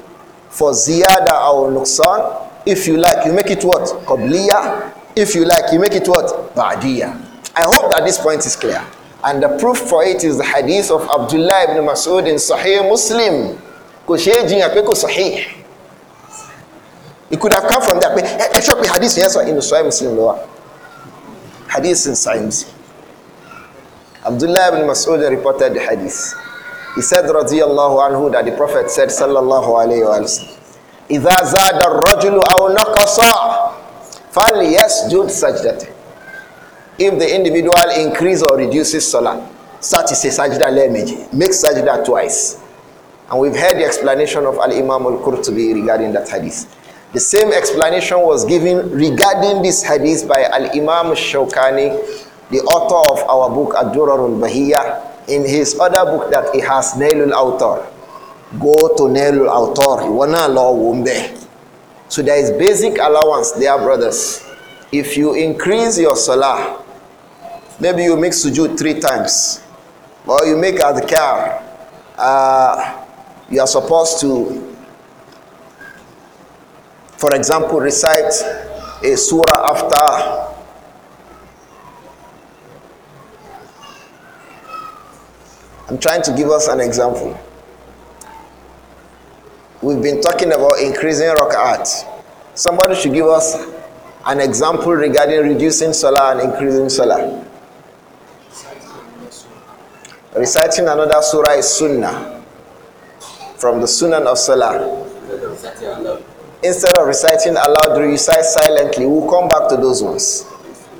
for ziyada or nuksan If you like, you make it what? Qabliya. If you like, you make it what? Ba'diya. I hope that this point is clear. And the proof for it is the hadith of Abdullah ibn Mas'ud in Sahih Muslim. Kò ṣe é jiyàn sahih. It could have come from that pé ẹ ṣọ́ pé hadith yẹn sọ inú Sahih Muslim ló Hadith in Sahih Muslim. Abdullah ibn Mas'ud reported the hadith. He said radiyallahu anhu that the Prophet said sallallahu alayhi wa sallam. إذا زاد الرجل أو نقص فليسجد سجدته if the individual increases or reduces salah, such is a sajda lemeji. Make sajda twice. And we've heard the explanation of Al Imam Al Qurtubi regarding that hadith. The same explanation was given regarding this hadith by Al Imam Shawkani, the author of our book Ad-Durar al in his other book that he has, Nailul Autor. Go to Nailul Autor. Wana law wumbe. So there is basic allowance, there, brothers. If you increase your salah, Maybe you make sujood three times, or you make adhkar. Uh, you are supposed to, for example, recite a surah after I'm trying to give us an example. We've been talking about increasing rock art. Somebody should give us an example regarding reducing solar and increasing solar. Reciting another surah is sunnah from the sunnah of salah. Instead of reciting aloud, recite silently. We'll come back to those ones.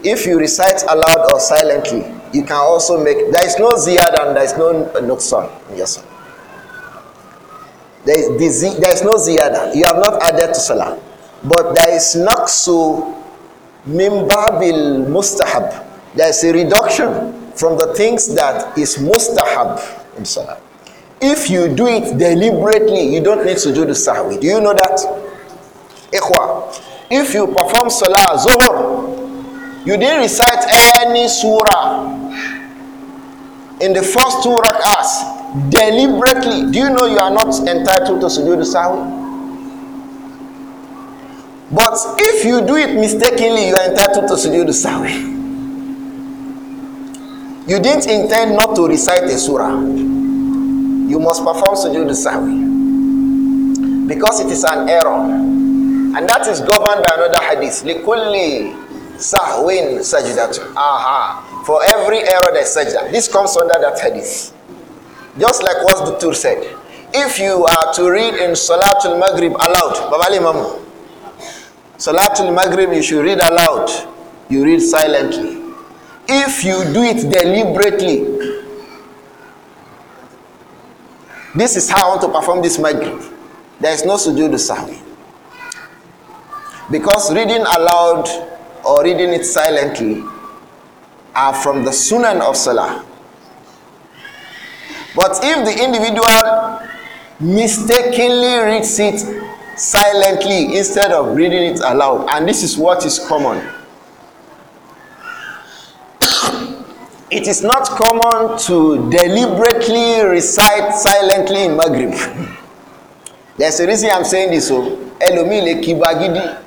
If you recite aloud or silently, you can also make. There is no ziyad and there is no nuqsan. Yes. There is, there is no ziyada. You have not added to salah. But there is naqsu min babil mustahab. There is a reduction from the things that is mustahab in salah. If you do it deliberately, you don't need to do the sahwi. Do you know that? Ikhwa. If you perform salah zuhur, you didn't recite any surah in the first two rak'ahs deliberately. Do you know you are not entitled to sujood sahwi? But if you do it mistakenly, you are entitled to sujood sahwi. You didn't intend not to recite a surah. You must perform sujood sahwi because it is an error, and that is governed by another hadith. Likulli sahwin sajdatun. Aha! For every error there is sajda. This comes under that hadith. Just like what the Dutur said, if you are to read in Salatul Maghrib aloud, Babali Mamu, Salatul Maghrib you should read aloud. You read silently if you do it deliberately. This is how I want to perform this Maghrib. There is no sujood sahwi. Because reading aloud or reading it silently are from the sunan of salah. But if the individual mistakenly reads it silently instead of reading it aloud, and this is what is common it is not common to deliberately recite silently in Maghrib. There's a reason I'm saying this. Elomile oh. Kibagidi.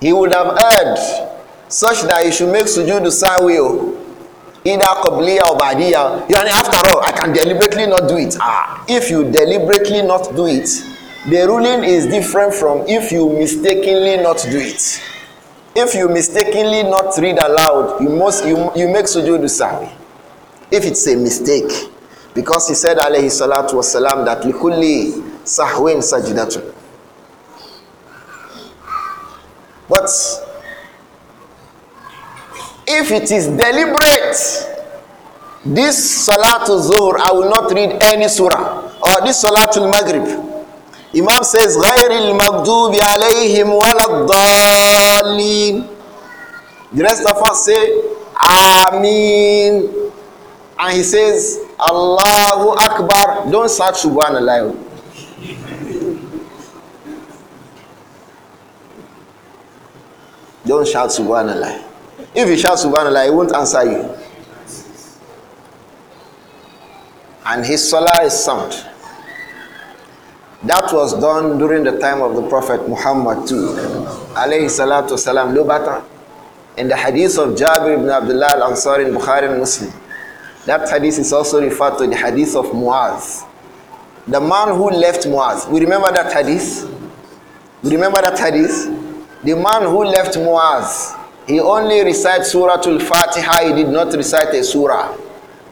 He would have heard such that he should make sujood sahwi oh. either qabliya or badiya. You know, after all, I can deliberately not do it. Ah, if you deliberately not do it, the ruling is different from if you mistakenly not do it. If you mistakenly not read aloud, you must you, you make sujood sahwi. If it's a mistake, because he said alayhi salatu wasalam that likulli sahwin sajdatu. But if it is deliberate, this salatul zuhr I will not read any surah or this salatul maghrib Imam says, غَيْرِ الْمَغْدُوبِ عَلَيْهِمْ وَلَا الضَّالِّينَ The rest of us say, Ameen. And he says, Allahu Akbar. Don't start Subhanallah. Don't shout Subhanallah. If you shout Subhanallah, he won't answer you. And his salah is sound. That was done during the time of the Prophet Muhammad too. Alayhi salatu salam lubatan. In the hadith of Jabir ibn Abdullah al-Ansari in Bukhari and Muslim. That hadith is also referred to the hadith of Muaz. The man who left Muaz. We remember that hadith? We remember that hadith? The man who left Muaz, he only recited Surah Al-Fatiha, he did not recite a surah.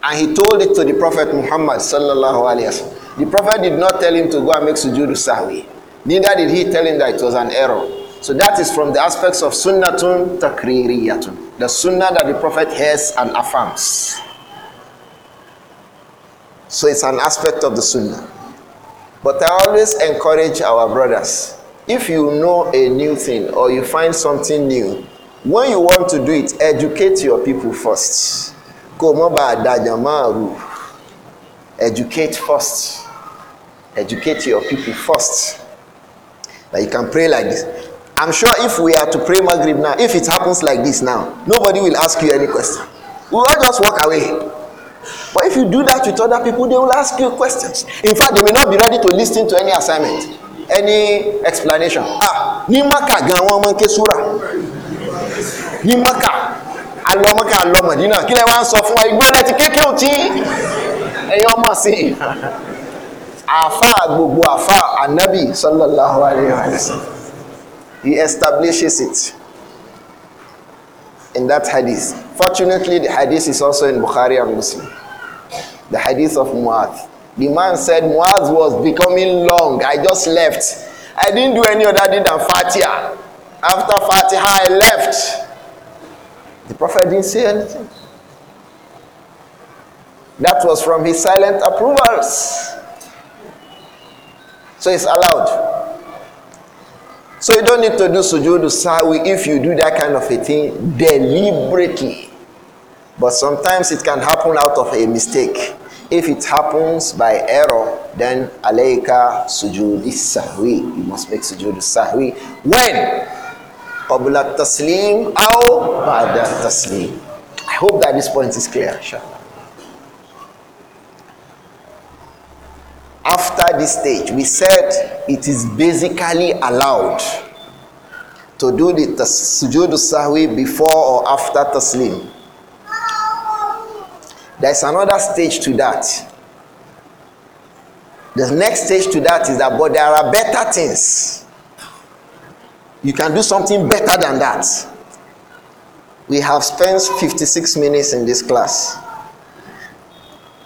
And he told it to the Prophet Muhammad sallallahu alayhi wa sallam. The Prophet did not tell him to go and make sujood sahwi. Neither did he tell him that it was an error. So that is from the aspects of sunnatun takririyatun. The sunnah that the Prophet hears and affirms. So it's an aspect of the sunnah. But I always encourage our brothers if you know a new thing or you find something new, when you want to do it, educate your people first. Educate first. Educate your people first. That you can pray like this. I'm sure if we are to pray Maghrib now, if it happens like this now, nobody will ask you any question. We will just walk away. But if you do that with other people, they will ask you questions. In fact, they may not be ready to listen to any assignment, any explanation. Ah, ní Maka gan wọn mọ ké súra. Ní Maka, alọ Maka alọ Mọ̀dínà, kí lẹ wá ń sọ fún wa, ìgbọ́lẹ̀ ti kékeré tí ẹ̀yin ọmọ sí i. àfáà gbogbo àfáà anabi sallallahu alayhi wa he establishes it in that hadith fortunately the hadith is also in bukhari and muslim the hadith of muadh the man said muadh was becoming long i just left i didn't do any other thing than Fatihah. after fatiha i left the prophet didn't say anything that was from his silent approvals so it's allowed. So you don't need to do sujood sawi if you do that kind of a thing deliberately. But sometimes it can happen out of a mistake. If it happens by error, then alayka sujudisahwi. sahwi. You must make sujood sahwi. When? Qabla taslim aw ba'da taslim. I hope that this point is clear, inshallah. after this stage, we said it is basically allowed to do the sujood sahwi before or after taslim. There's another stage to that. The next stage to that is that, but there are better things. You can do something better than that. We have spent 56 minutes in this class.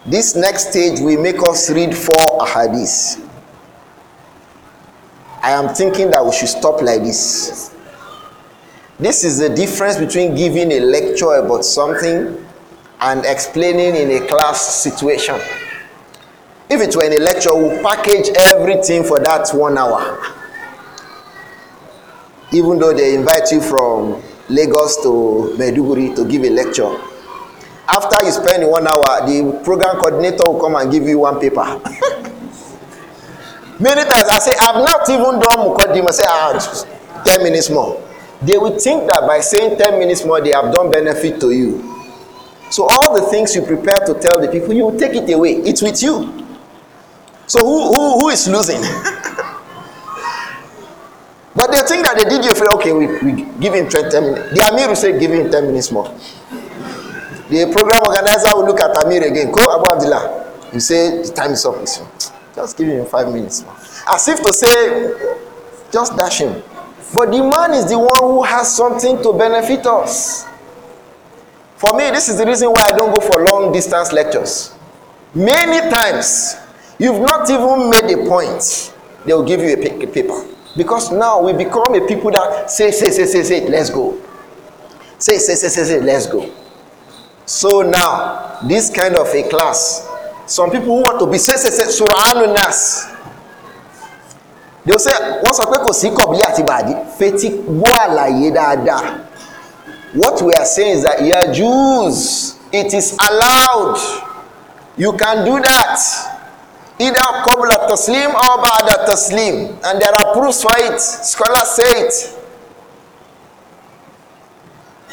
This next stage will make us read four ahadith. I am thinking that we should stop like this. This is the difference between giving a lecture about something and explaining in a class situation. If it were in a lecture, we'll package everything for that one hour. Even though they invite you from Lagos to Meduguri to give a lecture, after you spend one hour the program coordinator will come and give you one paper many times i say i'm not even done mukodima say ah ten minutes more they will think that by saying ten minutes more they have done benefit to you so all the things you prepare to tell the people you will take it away it's with you so who who who is losing but they think that they did you feel okay we we give him ten minutes the amir say give him ten minutes more the program organizer will look at amir again go abu abdullah you say the time is up it's just give him five minutes man. as if to say just dash him but the man is the one who has something to benefit us for me this is the reason why i don't go for long distance lectures many times you've not even made a point they will give you a paper because now we become a people that say say say say say let's go say say say say say let's go So now, this kind of a class, some people who want to be say say say suranu nas, they will say wọ́n sọ pé kò sí kọ̀bílẹ̀ àti bàdí fetí gbọ́ àlàyé dáadáa. What we are saying is that you are Jews, it is allowed, you can do that either to slim or to slim, and there are proofs for it scholars say it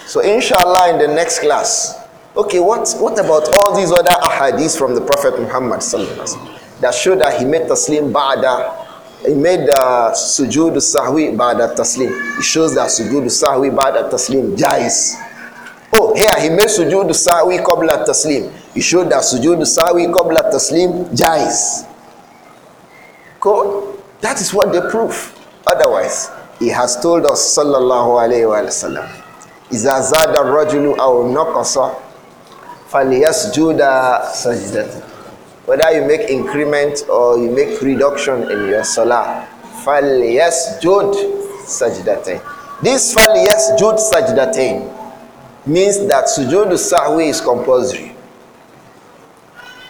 so inshallah in the next class Okay, what, what about all these other ahadith from the Prophet Muhammad that show that he made taslim ba'da, he made uh, sujood sahwi ba'da taslim. It shows that sujood sahwi ba'da taslim jais. Oh, here he made sujood sahwi qabla taslim. He showed that sujood sahwi qabla taslim jais. Cool? That is what they prove. Otherwise, he has told us sallallahu alayhi wa sallam, إِذَا زَادَ الرَّجُلُ أَوْ نَقَصَ فَلْيَسْجُدَ سَجْدَةً Whether you make increment or you make reduction in your salah. فَلْيَسْجُدْ سَجْدَةً This فَلْيَسْجُدْ سَجْدَةً means that sujood sahwi is compulsory.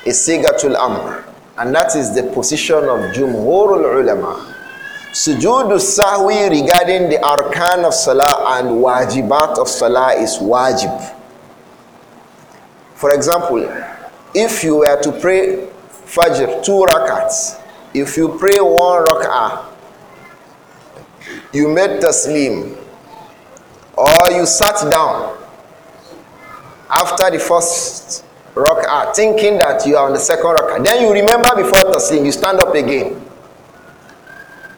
It's amr. And that is the position of jumhurul ulama. Sujood sahwi regarding the arkan of salah and wajibat of salah is wajib. For example, if you were to pray Fajr two rakats, if you pray one rak'ah, you made taslim, or you sat down after the first rak'ah, thinking that you are on the second rak'ah. Then you remember before taslim, you stand up again.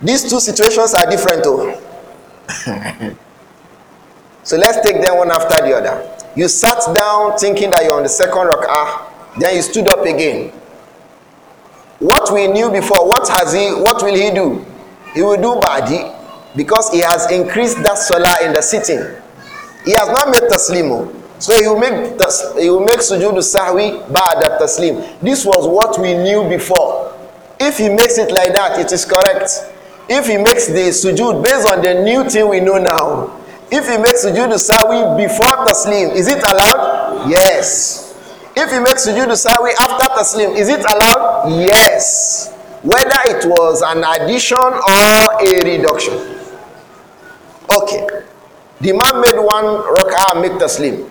These two situations are different, though. so let's take them one after the other. You sat down thinking that you're on the second rock. Ah, then you stood up again. What we knew before, what has he, what will he do? He will do badi because he has increased that salah in the sitting. He has not made taslimu. Oh. So he will make he will make sujudu sahwi ba'da taslim. This was what we knew before. If he makes it like that, it is correct. If he makes the sujood based on the new thing we know now, If he makes sujood sawi before taslim, is it allowed? Yes. If he makes sujood sawi after taslim, is it allowed? Yes. Whether it was an addition or a reduction. Okay. The man made one rak'ah make taslim.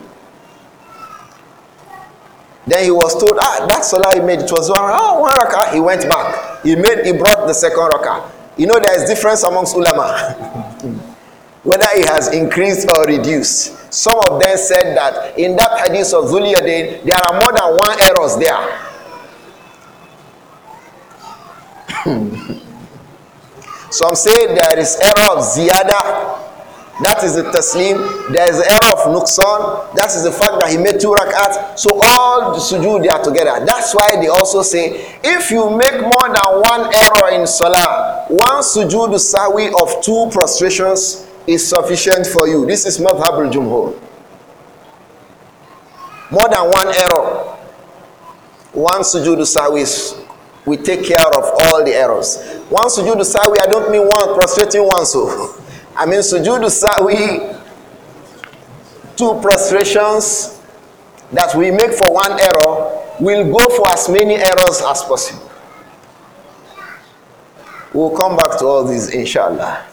Then he was told, ah, that salah he made, it was one, ah, one rak'ah. He went back. He made, he brought the second rak'ah. You know there is difference amongst ulama. whether it has increased or reduced. Some of them said that in that hadith of Zuliyadin, there are more than one errors there. Some say there is error of ziyada, that is the taslim. There is error of nuksan, that is the fact that he made two rak'at. So all the sujood they are together. That's why they also say if you make more than one error in salah, one sujood sawi of two prostrations is sufficient for you. This is Madhab al-Jumhur. More than one error. One sujood sawi, We take care of all the errors. One sujood sawi, I don't mean one prostrating one oh. so. I mean sujood sawi, two prostrations that we make for one error will go for as many errors as possible. We'll come back to all these, inshallah.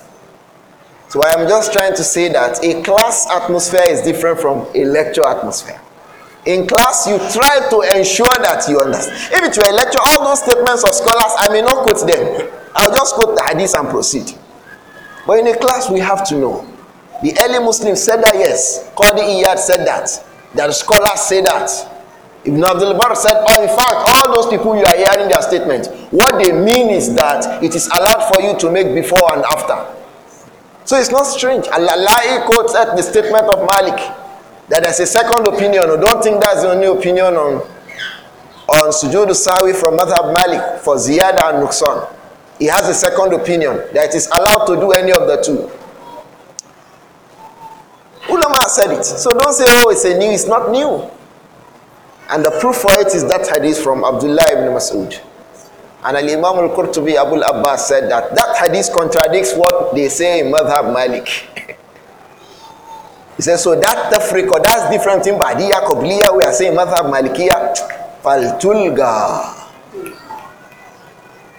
So I am just trying to say that a class atmosphere is different from a lecture atmosphere. In class, you try to ensure that you understand. If it were a lecture, all those statements of scholars, I may not quote them. I'll just quote the hadith and proceed. But in a class, we have to know. The early Muslims said that, yes. Qadi Iyad said that. The scholars say that. Ibn Abdul Bar said, oh, in fact, all those people you are hearing their statement, what they mean is that it is allowed for you to make before and after. So it's not strange. Al-Lalai quotes at the statement of Malik that there's a second opinion. I don't think that's the only opinion on, on Sujud Sawi from Madhab Malik for Ziyada and Nuqsan. He has a second opinion that it is allowed to do any of the two. Ulama said it. So don't say, oh, it's a new, it's not new. And the proof for it is that hadith from Abdullah ibn Mas'ud. And Al Imam Al Qurtubi Abul Abbas said that that hadith contradicts what they say in Madhab Malik. he said, so that the or that's different in Badiya, Qabliya, we are saying Madhab Malikiya, Faltulga.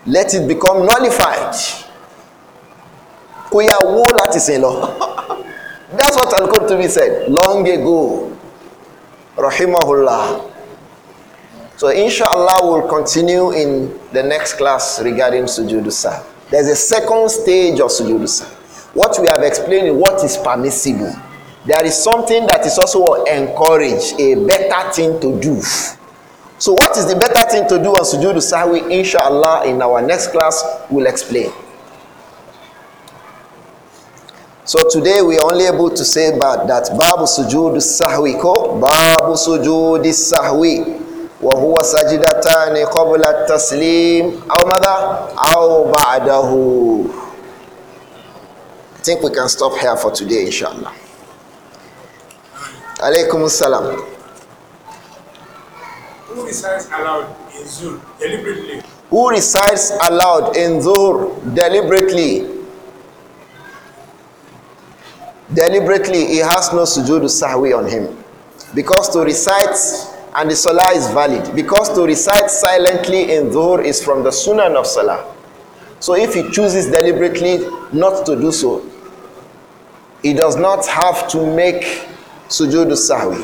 Let it become nullified. Kuya wo lati That's what Al Qurtubi said long ago. Rahimahullah. So inshallah we'll continue in the next class regarding sujudusa. There's a second stage of sujudusa. What we have explained is what is permissible. There is something that is also encouraged, a better thing to do. So what is the better thing to do on sujudusa? We Inshallah in our next class will explain. So today we are only able to say that, that Babu Sujood Sahwi ko Babu Sujood Sahwi وهو سجدتان قبل التسليم أو ماذا أو بعده I think we can stop here for today inshallah عليكم السلام Who recites aloud in Zur deliberately? Who recites aloud in Zur deliberately? Deliberately, he has no sujood sahwi on him. Because to recite and the salah is valid because to recite silently in dhuhr is from the sunnah of salah. So if he chooses deliberately not to do so, he does not have to make sujood sahwi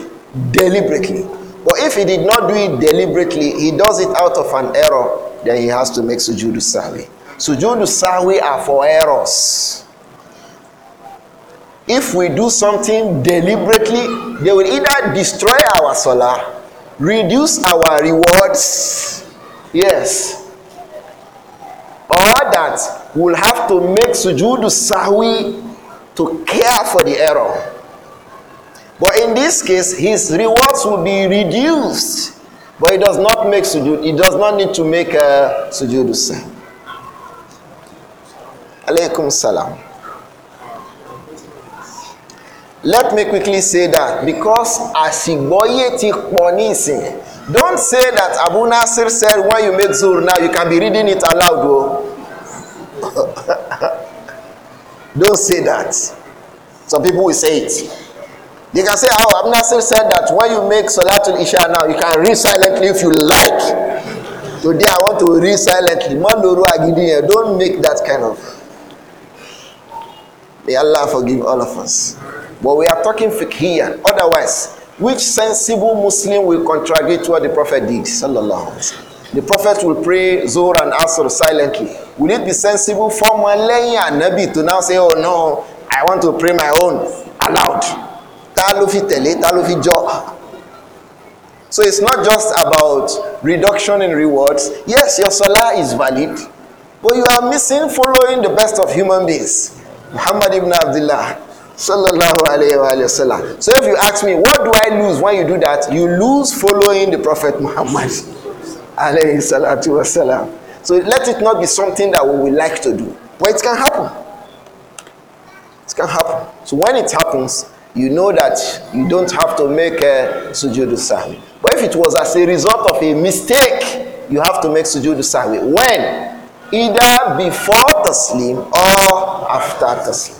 deliberately. But if he did not do it deliberately, he does it out of an error, then he has to make sujood sahwi. Sujood sahwi are for errors. If we do something deliberately, they will either destroy our salah reduce our rewards yes or that we'll have to make sujudu sahwi to care for the error but in this case his rewards will be reduced but it does not make sujud. He does not need to make a uh, sujood sahwi alaykum salam let me quickly say that because àṣìgbọ́yé ti pọ̀ ní ìsìn don't say that abu nasir said when you make zuhr now you can be reading it aloud o oh. don't say that some people will say it they can say oh abu nasir said that when you make salatul isha now you can read silently if you like today i want to read silently mo loro don't make that kind of may allah forgive all of us. But we are talking fiqh here. Otherwise, which sensible Muslim will contradict what the Prophet did? The Prophet will pray Zohr and Asr silently. Will it be sensible for Malayan and Nabi to now say, oh no, I want to pray my own aloud? So it's not just about reduction in rewards. Yes, your salah is valid, but you are missing following the best of human beings. Muhammad ibn Abdullah Sallallahu alayhi wasallam. So if you ask me, what do I lose when you do that? You lose following the Prophet Muhammad. Alayhi So let it not be something that we would like to do. But it can happen. It can happen. So when it happens, you know that you don't have to make a sujood sahwi. But if it was as a result of a mistake, you have to make sujudu sahwi. When? Either before taslim or after taslim.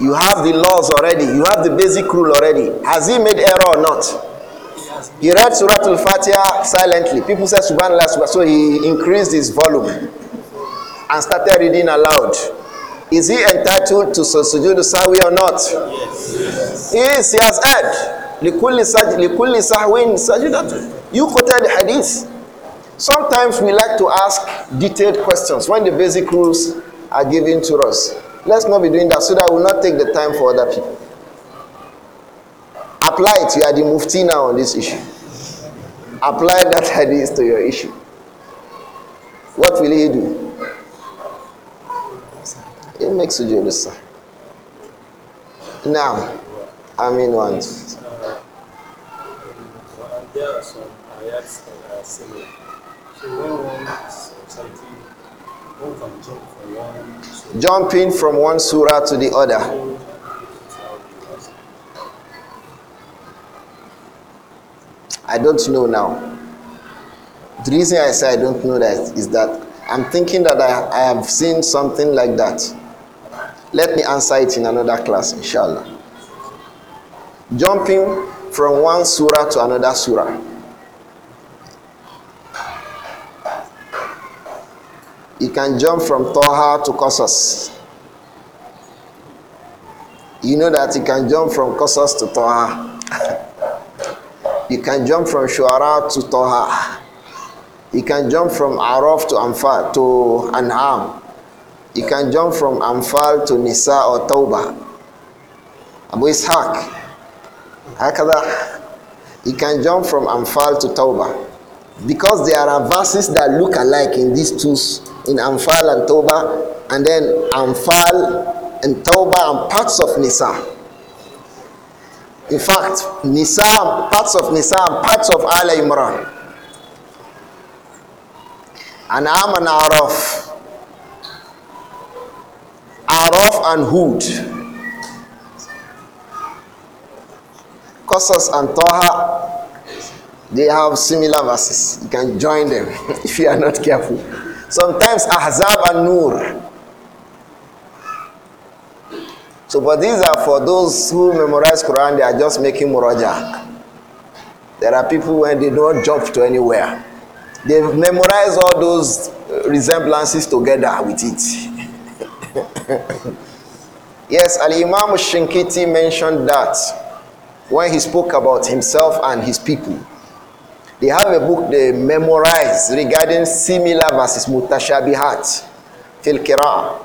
You have the laws already. You have the basic rule already. Has he made error or not? He, read Surah Al-Fatiha silently. People said Subhanallah, Subhanallah. So he increased his volume and started reading aloud. Is he entitled to sujood sahwi or not? Yes. yes. He has heard. لكل سج... لكل سهو سجدة. You quoted the hadith. Sometimes we like to ask detailed questions when the basic rules are given to us. Let's not be doing that so that we will not take the time for other people. Apply it. You are the mufti now on this issue. Apply that hadith to your issue. What will he do? He makes sujood sir. Now, I mean once. There are some ayats that are similar. So when one Jumping from one surah to the other. I don't know now. The reason I say I don't know that is that I'm thinking that I, I have seen something like that. Let me answer it in another class, inshallah. Jumping from one surah to another surah. You can jump from Toha to Qasas. You know that you can jump from Qasas to Toha. you can jump from Shuara to Toha. You can jump from Araf to Anfal to Anham. You can jump from Anfal to Nisa or Tawbah. Abu Ishaq. Hakada. You can jump from Anfal to Tauba, because there are verses that look alike in these two in Anfal and Toba, and then Anfal and Toba and parts of Nisa. In fact, Nisa, parts of Nisa, parts of Al Imran. And Am and Araf. Araf and Hood. Qasas and Toha. they have similar verses. You can join them if you are not careful. Sometimes Ahzab and Nur. So, but these are for those who memorize Quran, they are just making murajak. There are people when they don't jump to anywhere. They memorize all those resemblances together with it. yes, Al Imam Shinkiti mentioned that when he spoke about himself and his people. They have a book they memorize regarding similar verses, mutashabihat, fil qira'ah.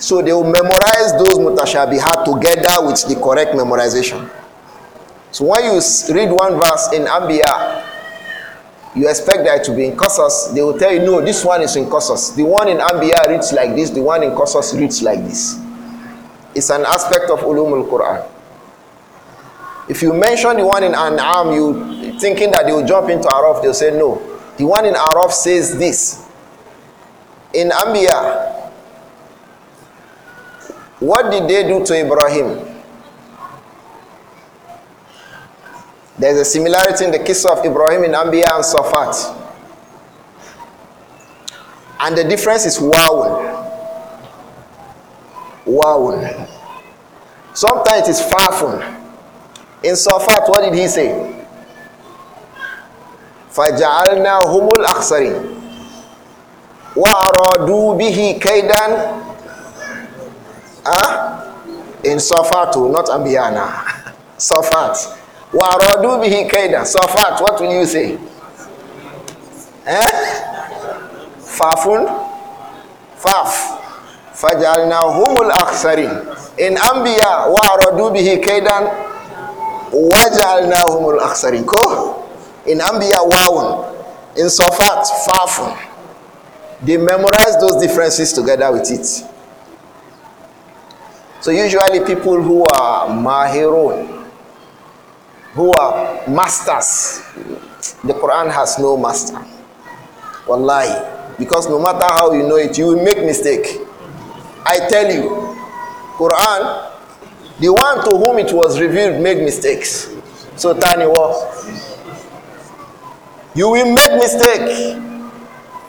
So they will memorize those mutashabihat together with the correct memorization. So when you read one verse in Ambiya, you expect that to be in Qasas. They will tell you, no, this one is in Qasas. The one in Ambiya reads like this, the one in Qasas reads like this. It's an aspect of Ulumul Quran. If you mention the one in An'am, you thinking that they will jump into Araf, they'll say no. The one in Araf says this. In Ambia, what did they do to Ibrahim? There's a similarity in the case of Ibrahim in Ambia and Safat. And the difference is wawun. Wawun. Sometimes it is far from. In Safat, what did he say? فجعلنا هم الأخسرين وأرادوا به كيدا أه؟ إن صفات not أنبيانا صفات وأرادوا به كيدا صفات what will you say أه؟ eh? فافون فاف فجعلنا هم الأخسرين إن أنبيا وأرادوا به كيدا وجعلناهم الأخسرين كو In Ambia wawun. In Sofat, fafun. They memorize those differences together with it. So usually people who are mahirun, who are masters, the Quran has no master. Wallahi. Because no matter how you know it, you will make mistake. I tell you, Quran, the one to whom it was revealed made mistakes. So Tani was. You will make mistake.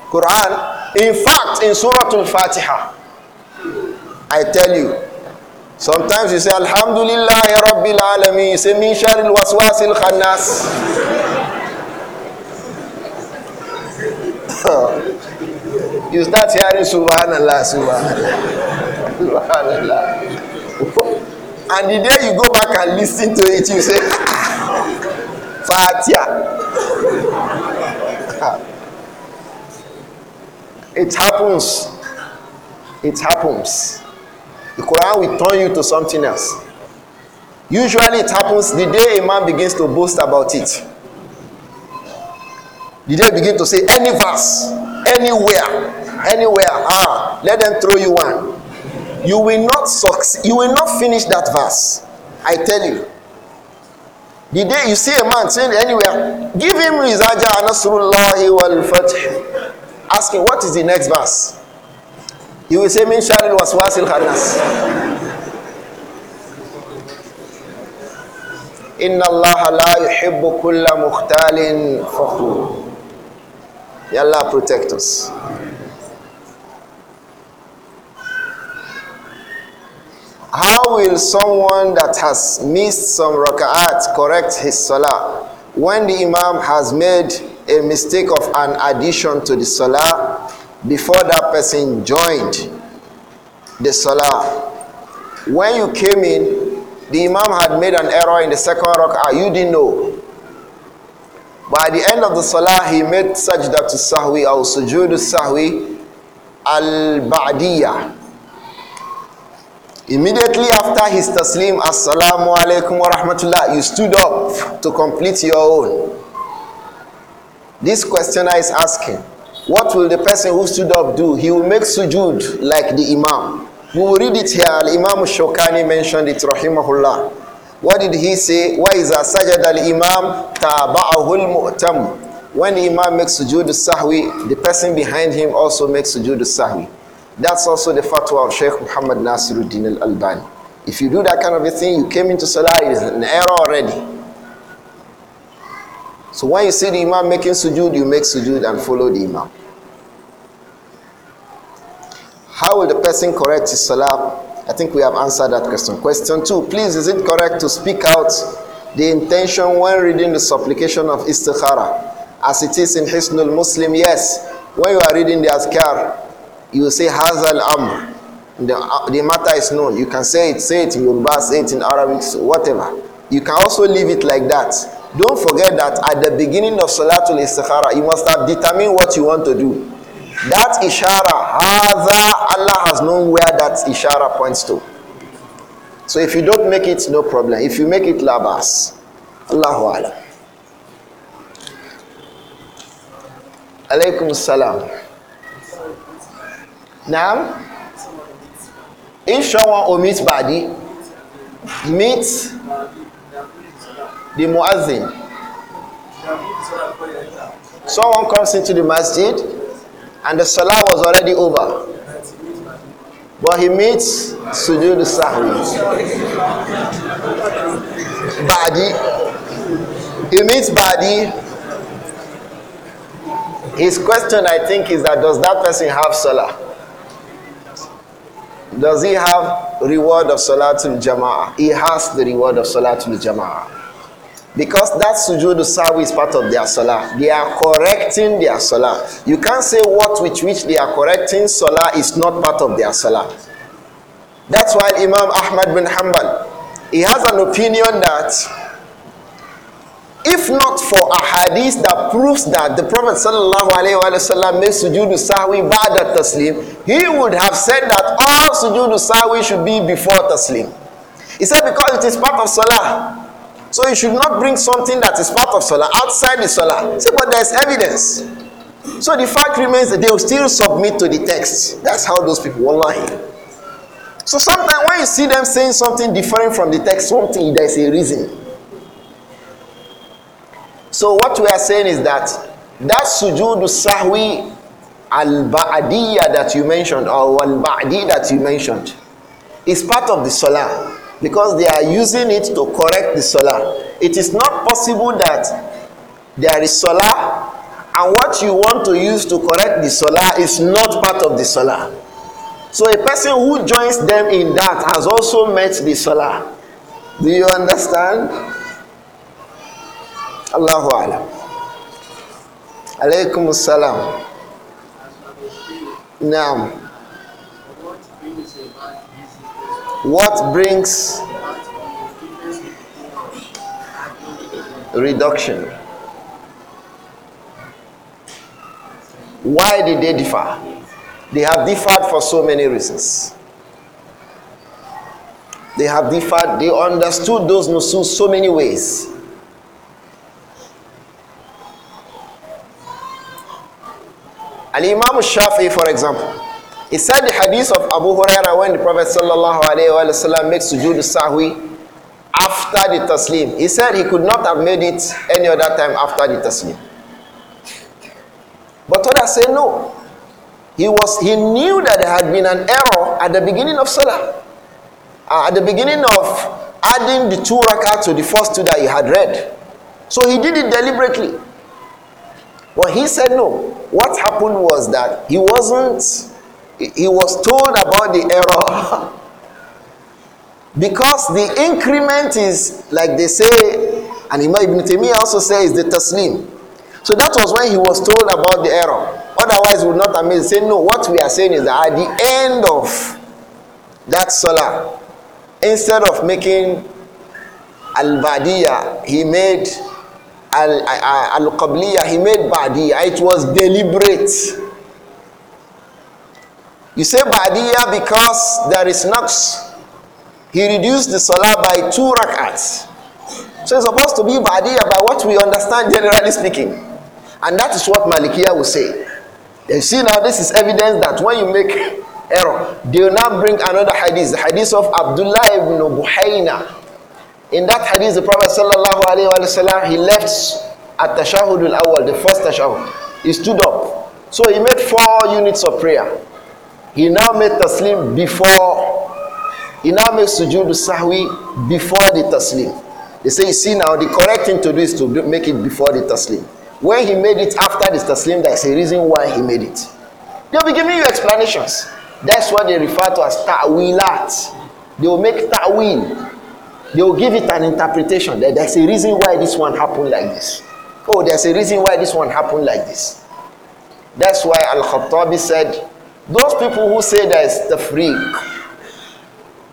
Quran. In fact, in Surah Al-Fatiha, I tell you, sometimes you say, Alhamdulillah, Rabbil Alameen, say, Min Sharil waswasil Khannas. you start hearing Subhanallah, Subhanallah, Subhanallah. and the day you go back and listen to it, you say, Fatiha. It happens. It happens. The Quran will turn you to something else. Usually it happens the day a man begins to boast about it. The day begin to say any verse, anywhere, anywhere, ah, let them throw you one. You will not succeed, you will not finish that verse. I tell you. The day you see a man saying anywhere, give him Rizaja Nasrullahi wal Fatih asking, What is the next verse? He will say, Min Sharil was Wasil Hanas. Inna Allah la yuhibbu kulla mukhtalin fakhur. Yalla Allah protect us. How will someone that has missed some raka'at correct his salah when the imam has made a mistake of an addition to the salah before that person joined the salah. When you came in, the imam had made an error in the second rak'ah. You didn't know. By the end of the salah, he made sajda to sahwi or sujood sahwi al-ba'diyah. Immediately after his taslim, assalamu alaikum wa rahmatullah, you stood up to complete your own. This questioner is asking, what will the person who stood up do? He will make sujud like the Imam. We will read it here. Al Imam Shokani mentioned it, rahimahullah. What did he say? Why is sajad al Imam taba'ahul mu'tam? When the Imam makes sujud sahwi, the person behind him also makes sujud sahwi. That's also the fatwa of Sheikh Muhammad Nasiruddin al Albani. If you do that kind of a thing, you came into Salah, it is an error already. So when you see the imam making sujood, you make sujood and follow the imam. How will the person correct his salah? I think we have answered that question. Question two, please, is it correct to speak out the intention when reading the supplication of istikhara? As it is in Hisnul Muslim, yes. When you are reading the azkar, you say Hazal Amr. The, the matter is known. You can say it, say it in Yoruba, say it in Arabic, whatever. You can also leave it like that don't forget that at the beginning of Salatul Istikhara, you must have determined what you want to do. That Ishara, Hadha, Allah has known where that Ishara points to. So if you don't make it, no problem. If you make it, labas. Allahu Alam. Alaykum salam. Now, if someone omits body, meet the muazzin. Someone comes into the masjid and the salah was already over. But he meets sujood sahwi. Badi. He meets Badi. His question, I think, is that does that person have salah? Does he have reward of salatul jama'ah? He has the reward of salatul jama'ah. Because that sujood sawi is part of their salah. They are correcting their salah. You can't say what with which they are correcting salah is not part of their salah. That's why Imam Ahmad bin Hanbal, he has an opinion that if not for a hadith that proves that the Prophet sallallahu alaihi wasallam made sujood sawi ba'da taslim, he would have said that all sujood sawi should be before taslim. He said because it is part of salah. So you should not bring something that is part of solar outside the solar. See, but there's evidence. So the fact remains that they will still submit to the text. That's how those people will lie. So sometimes when you see them saying something different from the text, something there's a reason. So what we are saying is that that sujood sahwi al-ba'diyya that you mentioned or al-ba'di that you mentioned is part of the solar because they are using it to correct the solar. It is not possible that there is solar, and what you want to use to correct the solar is not part of the solar. So a person who joins them in that has also met the solar. Do you understand? Allahu Alam. Alaykum salam. Naam. What brings reduction? Why did they differ? They have differed for so many reasons. They have differed, they understood those nusus so many ways. Al Imam Shafi, for example, he said the hadith of Abu Huraira when the Prophet ﷺ makes sujood sahwi after the taslim. He said he could not have made it any other time after the taslim. But others say no. He was he knew that there had been an error at the beginning of Salah. Uh, at the beginning of adding the two rakat to the first two that he had read. So he did it deliberately. But he said no. What happened was that he wasn't he was told about the error because the increment is like they say and Imam Ibn Taymiyyah also says the taslim so that was when he was told about the error otherwise would not admit say no what we are saying is that at the end of that salah instead of making al-badiyah he made al-qabliyah he made badiyah it was deliberate you say badiya because there is not. He reduced the salah by two rak'ats. So it's supposed to be badiya. by what we understand generally speaking. And that is what Malikiya will say. You see now this is evidence that when you make error, they will now bring another hadith, the hadith of Abdullah ibn Buhayna. In that hadith, the Prophet sallallahu alaihi wasallam he left at tashahud al-awwal, the first tashahud. He stood up. So he made four units of prayer. He now made taslim before, he now made sujood sahwi before the taslim. They say, you see now, the correct thing to do is to make it before the taslim. When he made it after the taslim, that's a reason why he made it. They'll be giving you explanations. That's what they refer to as ta'wilat. They will make ta'wil. They will give it an interpretation. That there's a reason why this one happened like this. Oh, there's a reason why this one happened like this. That's why Al Khattabi said, those people who say that is tafriq,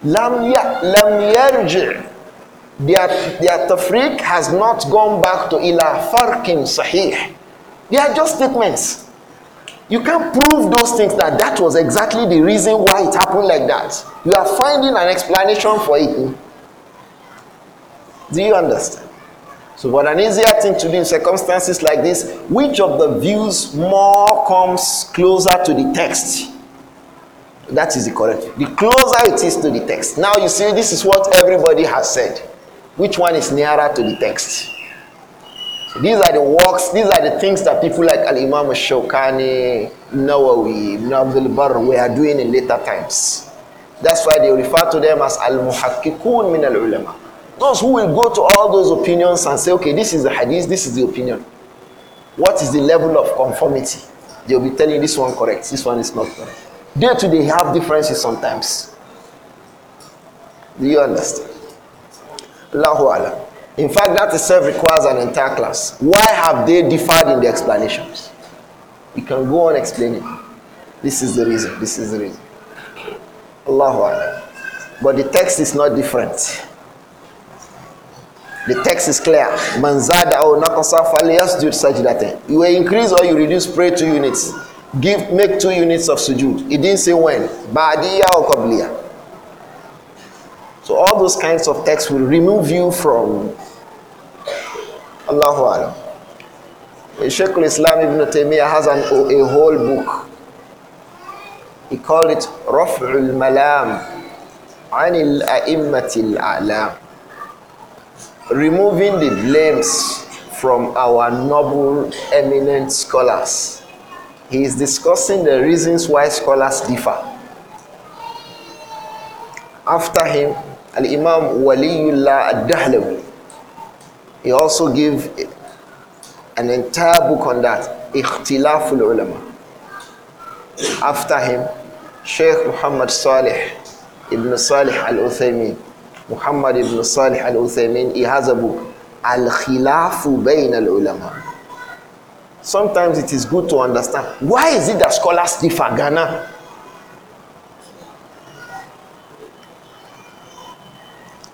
lam lam yarji', are their tafriq has not gone back to ila farkin sahih. They are just statements. You can't prove those things that that was exactly the reason why it happened like that. You are finding an explanation for it. Do you understand? So, but an easier thing to do in circumstances like this, which of the views more comes closer to the text? That is the correct. The closer it is to the text. Now you see, this is what everybody has said. Which one is nearer to the text? So these are the works, these are the things that people like Al Imam Shawkani, Nawawi, Ibn Abdul Barr were doing in later times. That's why they refer to them as Al Muhakkikun min al Ulama those who will go to all those opinions and say, okay, this is the hadith, this is the opinion. What is the level of conformity? They'll be telling this one correct, this one is not correct. Day to day have differences sometimes. Do you understand? Allahu Allah. In fact, that itself requires an entire class. Why have they differed in the explanations? You can go on explaining. This is the reason. This is the reason. Allahu Akbar. But the text is not different. The text is clear. Man zada aw naqasa falyasjud sajdatayn. You will increase or you reduce, pray two units. Give make two units of sujud. It didn't say when. Ba'diya or kabliya. So all those kinds of texts will remove you from Allahu Alam. Sheikh al-Islam Ibn Taymiyyah has an, a whole book. He called it Raf'ul Malam Anil A'immatil A'lam removing the blames from our noble, eminent scholars. He is discussing the reasons why scholars differ. After him, Al Imam Waliullah Ad Dahlawi. He also gave an entire book on that, Ikhtilaful Ulama. After him, Sheikh Muhammad Salih ibn Salih Al Uthaymeen. Muhammad ibn Salih al Uthaymin, he has a book, Al Khilafu Bain al Ulama. Sometimes it is good to understand why is it that scholars differ Ghana?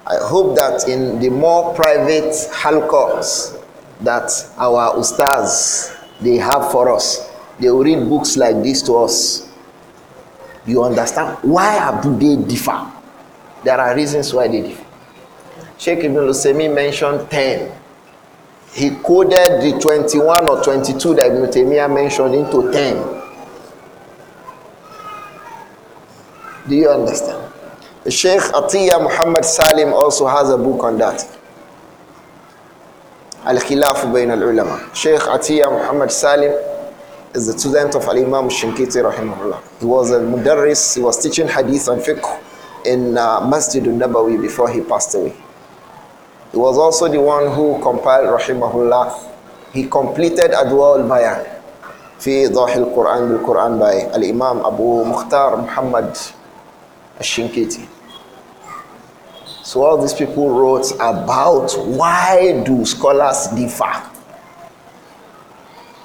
I hope that in the more private halqas that our ustaz they have for us, they will read books like this to us. You understand? Why do they differ? There are reasons why they differ. Sheikh Ibn Lusemi mentioned 10. He coded the 21 or 22 that Ibn Taymiyyah mentioned into 10. Do you understand? Sheikh Atiyah Muhammad Salim also has a book on that. Al-Khilaf Bayn al-Ulama. Sheikh Atiyah Muhammad Salim is the student of Al-Imam Shinkiti Rahimahullah. He was a mudarris, he was teaching hadith and fiqh in uh, Masjid nabawi before he passed away. He was also the one who compiled, rahimahullah, he completed Adwa al-Bayan al Quran, bil Quran by الإمام أبو Muhammad محمد Shinkiti. So all these people wrote about why do scholars differ.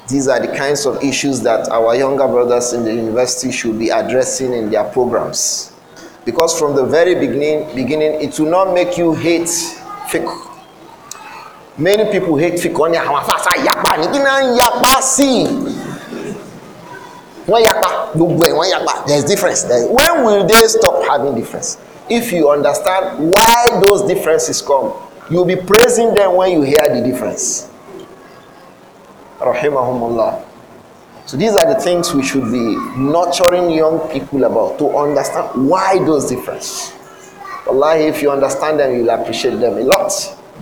These are the kinds of issues that our younger brothers in the university should be addressing in their programs. Because from the very beginning, beginning, it will not make you hate fiqh. Many people hate fiqh. Wọ́n ní àwọn afáàsá yapa ní kí náà ń yapa sí i. Wọ́n yapa gbogbo ẹ̀ wọ́n yapa. There is difference. There when will they stop having difference? If you understand why those differences come, you be praising them when you hear the difference. Rahimahumallah. So these are the things we should be nurturing young people about to understand why those differences. Allah, if you understand them, you'll appreciate them a lot.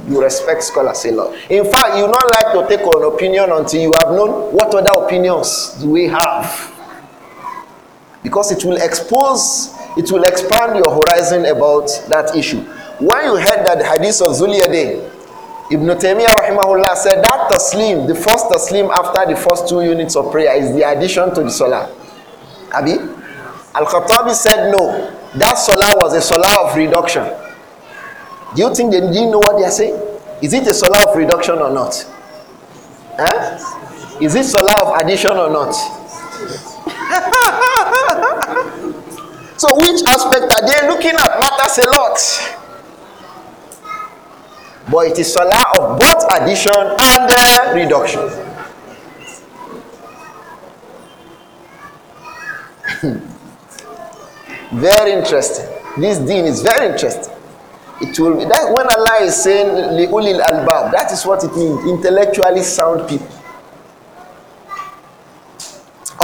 You respect scholars a lot. In fact, you don't like to take an opinion until you have known what other opinions do we have. Because it will expose, it will expand your horizon about that issue. When you heard that hadith of Zuliyadeh, Ibn Taymiyyah rahimahullah said that taslim, the first taslim after the first two units of prayer is the addition to the salah. Abi? Al-Khattabi said no. That salah was a salah of reduction. Do you think they didn't know what they are saying? Is it a salah of reduction or not? Eh? Is it salah of addition or not? so which aspect are they looking at matters a lot. But it is salah of both addition and uh, reduction. very interesting. This deen is very interesting. It will be that when Allah is saying liulil albab, that is what it means. Intellectually sound people.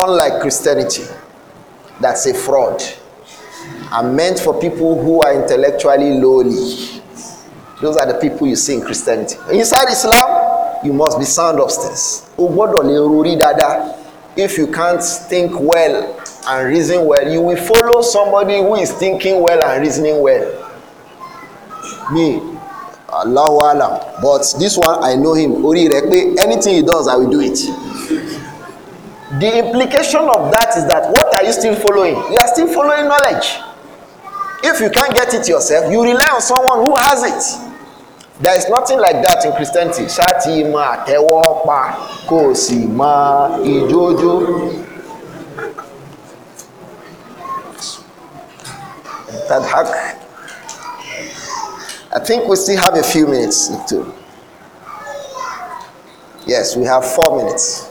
Unlike Christianity, that's a fraud. And meant for people who are intellectually lowly those are the people you see in Christianity inside Islam you must be sound of sense o gbọ́dọ̀ lè rori dáadáa if you can't think well and reason well you will follow somebody who is thinking well and reasoning well me Allahu alam but this one I know him orí rẹ̀ pé anything he does I will do it the implication of that is that what are you still following you are still following knowledge if you can't get it yourself you rely on someone who has it there is nothing like that in christianity Shati ma, tẹ́wọ́ pa kò sì máa ìjójó. i think we still have a few minutes to yes we have four minutes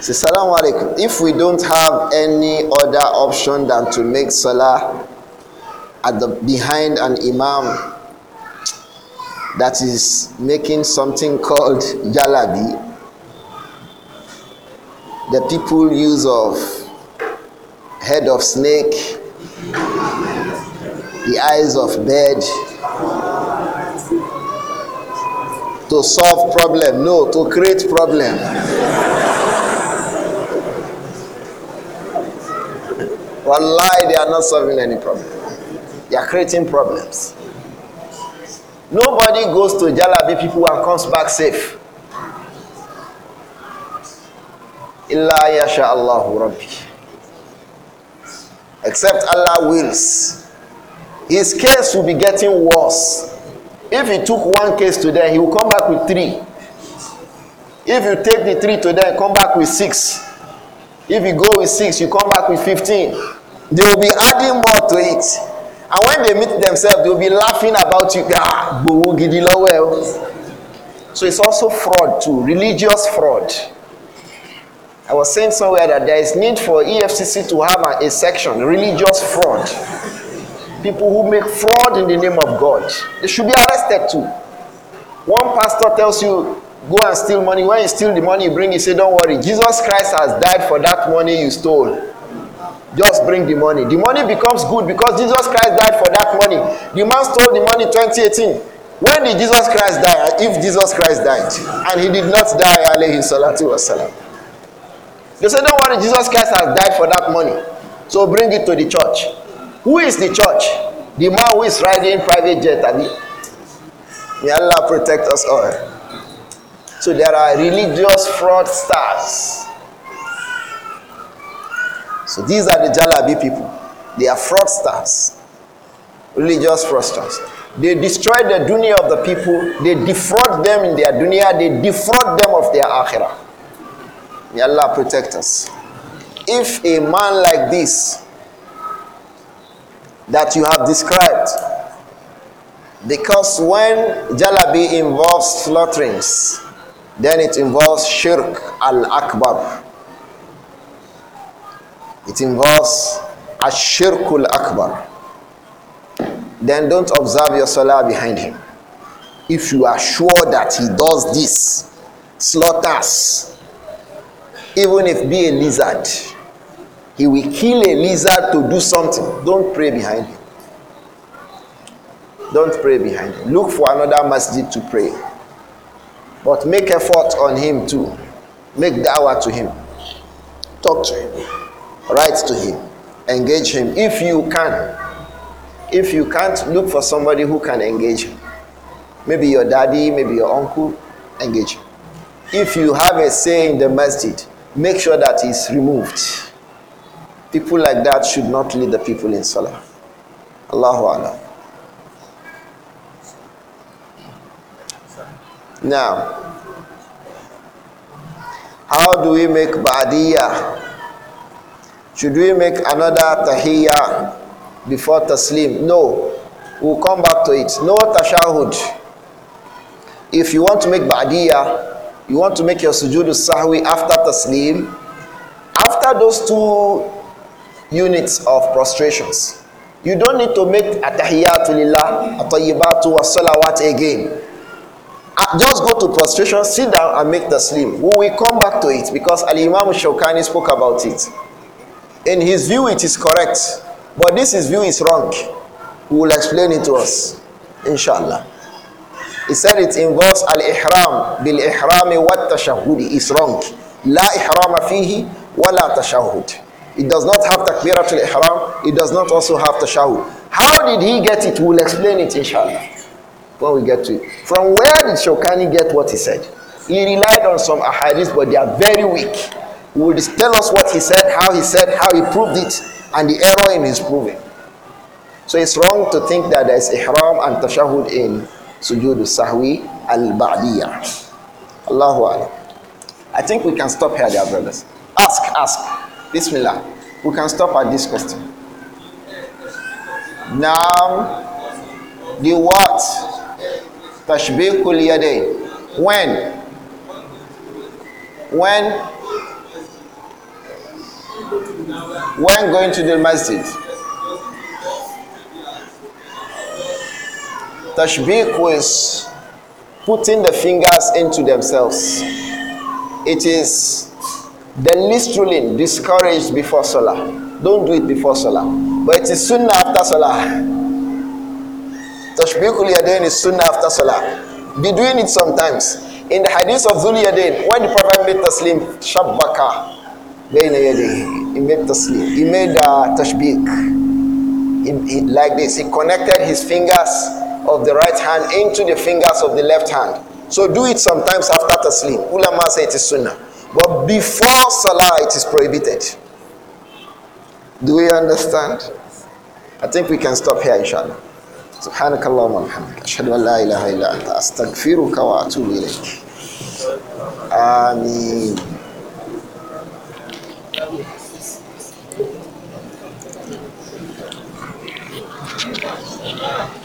so salaam alaikum if we don't have any other option than to make salah at the behind an imam that is making something called jalabi, the people use of head of snake, the eyes of bird to solve problem, no, to create problem. lie? they are not solving any problem. They are creating problems. Nobody goes to Jalabi people and comes back safe. Illa yasha Allahu Rabbi. Except Allah wills. His case will be getting worse. If he took one case today, he will come back with three. If you take the three today, come back with six. If you go with six, you come back with 15. They will be adding more to it. and when they meet themselves they will be laughing about you ah gbowó gidi lọ́wọ́ ẹ o so it's also fraud too religious fraud I was saying somewhere that there is need for EFCC to have a, a section religious fraud people who make fraud in the name of God they should be arrested too one pastor tells you go and steal money when you steal the money you bring He say don't worry Jesus Christ has died for that money you stole just bring the money the money becomes good because jesus christ died for that money the man stole the money 2018 when did jesus christ die if jesus christ died and he did not die alayhi salatu wasalam they say don't worry jesus christ has died for that money so bring it to the church who is the church the man who is riding private jet abi may allah protect us all so there are religious fraudsters So these are the Jalabi people. They are fraudsters, religious fraudsters. They destroy the dunya of the people, they defraud them in their dunya, they defraud them of their akhirah. May Allah protect us. If a man like this that you have described, because when Jalabi involves slaughterings, then it involves shirk al akbar it involves Ashirkul Akbar. Then don't observe your salah behind him. If you are sure that he does this, slaughters, even if be a lizard, he will kill a lizard to do something. Don't pray behind him. Don't pray behind him. Look for another masjid to pray. But make effort on him too. Make dawah to him. Talk to him. Write to him. Engage him if you can. If you can't, look for somebody who can engage him. Maybe your daddy, maybe your uncle, engage him. If you have a say in the masjid, make sure that it's removed. People like that should not lead the people in Salah. Allahu Alam. Now, how do we make Ba'diyah should we make another tahiyya before taslim? No. We'll come back to it. No tashahud. If you want to make ba'diyya, you want to make your sujood sahwi after taslim, after those two units of prostrations, you don't need to make you lillah, atayyibatu wa salawat again. Uh, just go to prostration, sit down and make taslim. We will come back to it because Al-Imam Shawkani spoke about it. In his view, it is correct, but this his view is wrong. We will explain it to us, inshallah. He said it involves al ihram bil ihram wa tashahhud is wrong. La ihram fihi wa la tashahhud. It does not have takbiratul ihram, it does not also have tashahhud. How did he get it? We'll explain it inshallah when we get to it. From where did Shokani get what he said? He relied on some ahadith, but they are very weak. He will tell us what he said, how he said, how he proved it, and the error in his proving. So it's wrong to think that there is ihram and tashahud in sujood sahwi al badiyah. Allahu Alam. I think we can stop here, dear brothers. Ask, ask. Bismillah. We can stop at this question. Now, the what? Tashbihul yadeh. When? When? when going to the masjid. Tashbih is putting the fingers into themselves. It is the least ruling discouraged before Salah. Don't do it before Salah. But it is soon after Salah. Tashbihul Yadain is soon after Salah. Be doing it sometimes. In the hadith of Zul Yadain, when the Prophet made Taslim, Shabbaka, بين يديه he made taslim he made uh, tashbik he, he, like this he connected his fingers of the right hand into the fingers of the left hand so do it sometimes after taslim ulama say it is sunnah but before salah it is prohibited do we understand I think we can stop here inshallah سبحانك اللهم وبحمدك أشهد أن لا إله إلا أنت أستغفرك وأتوب إليك آمين Thank you.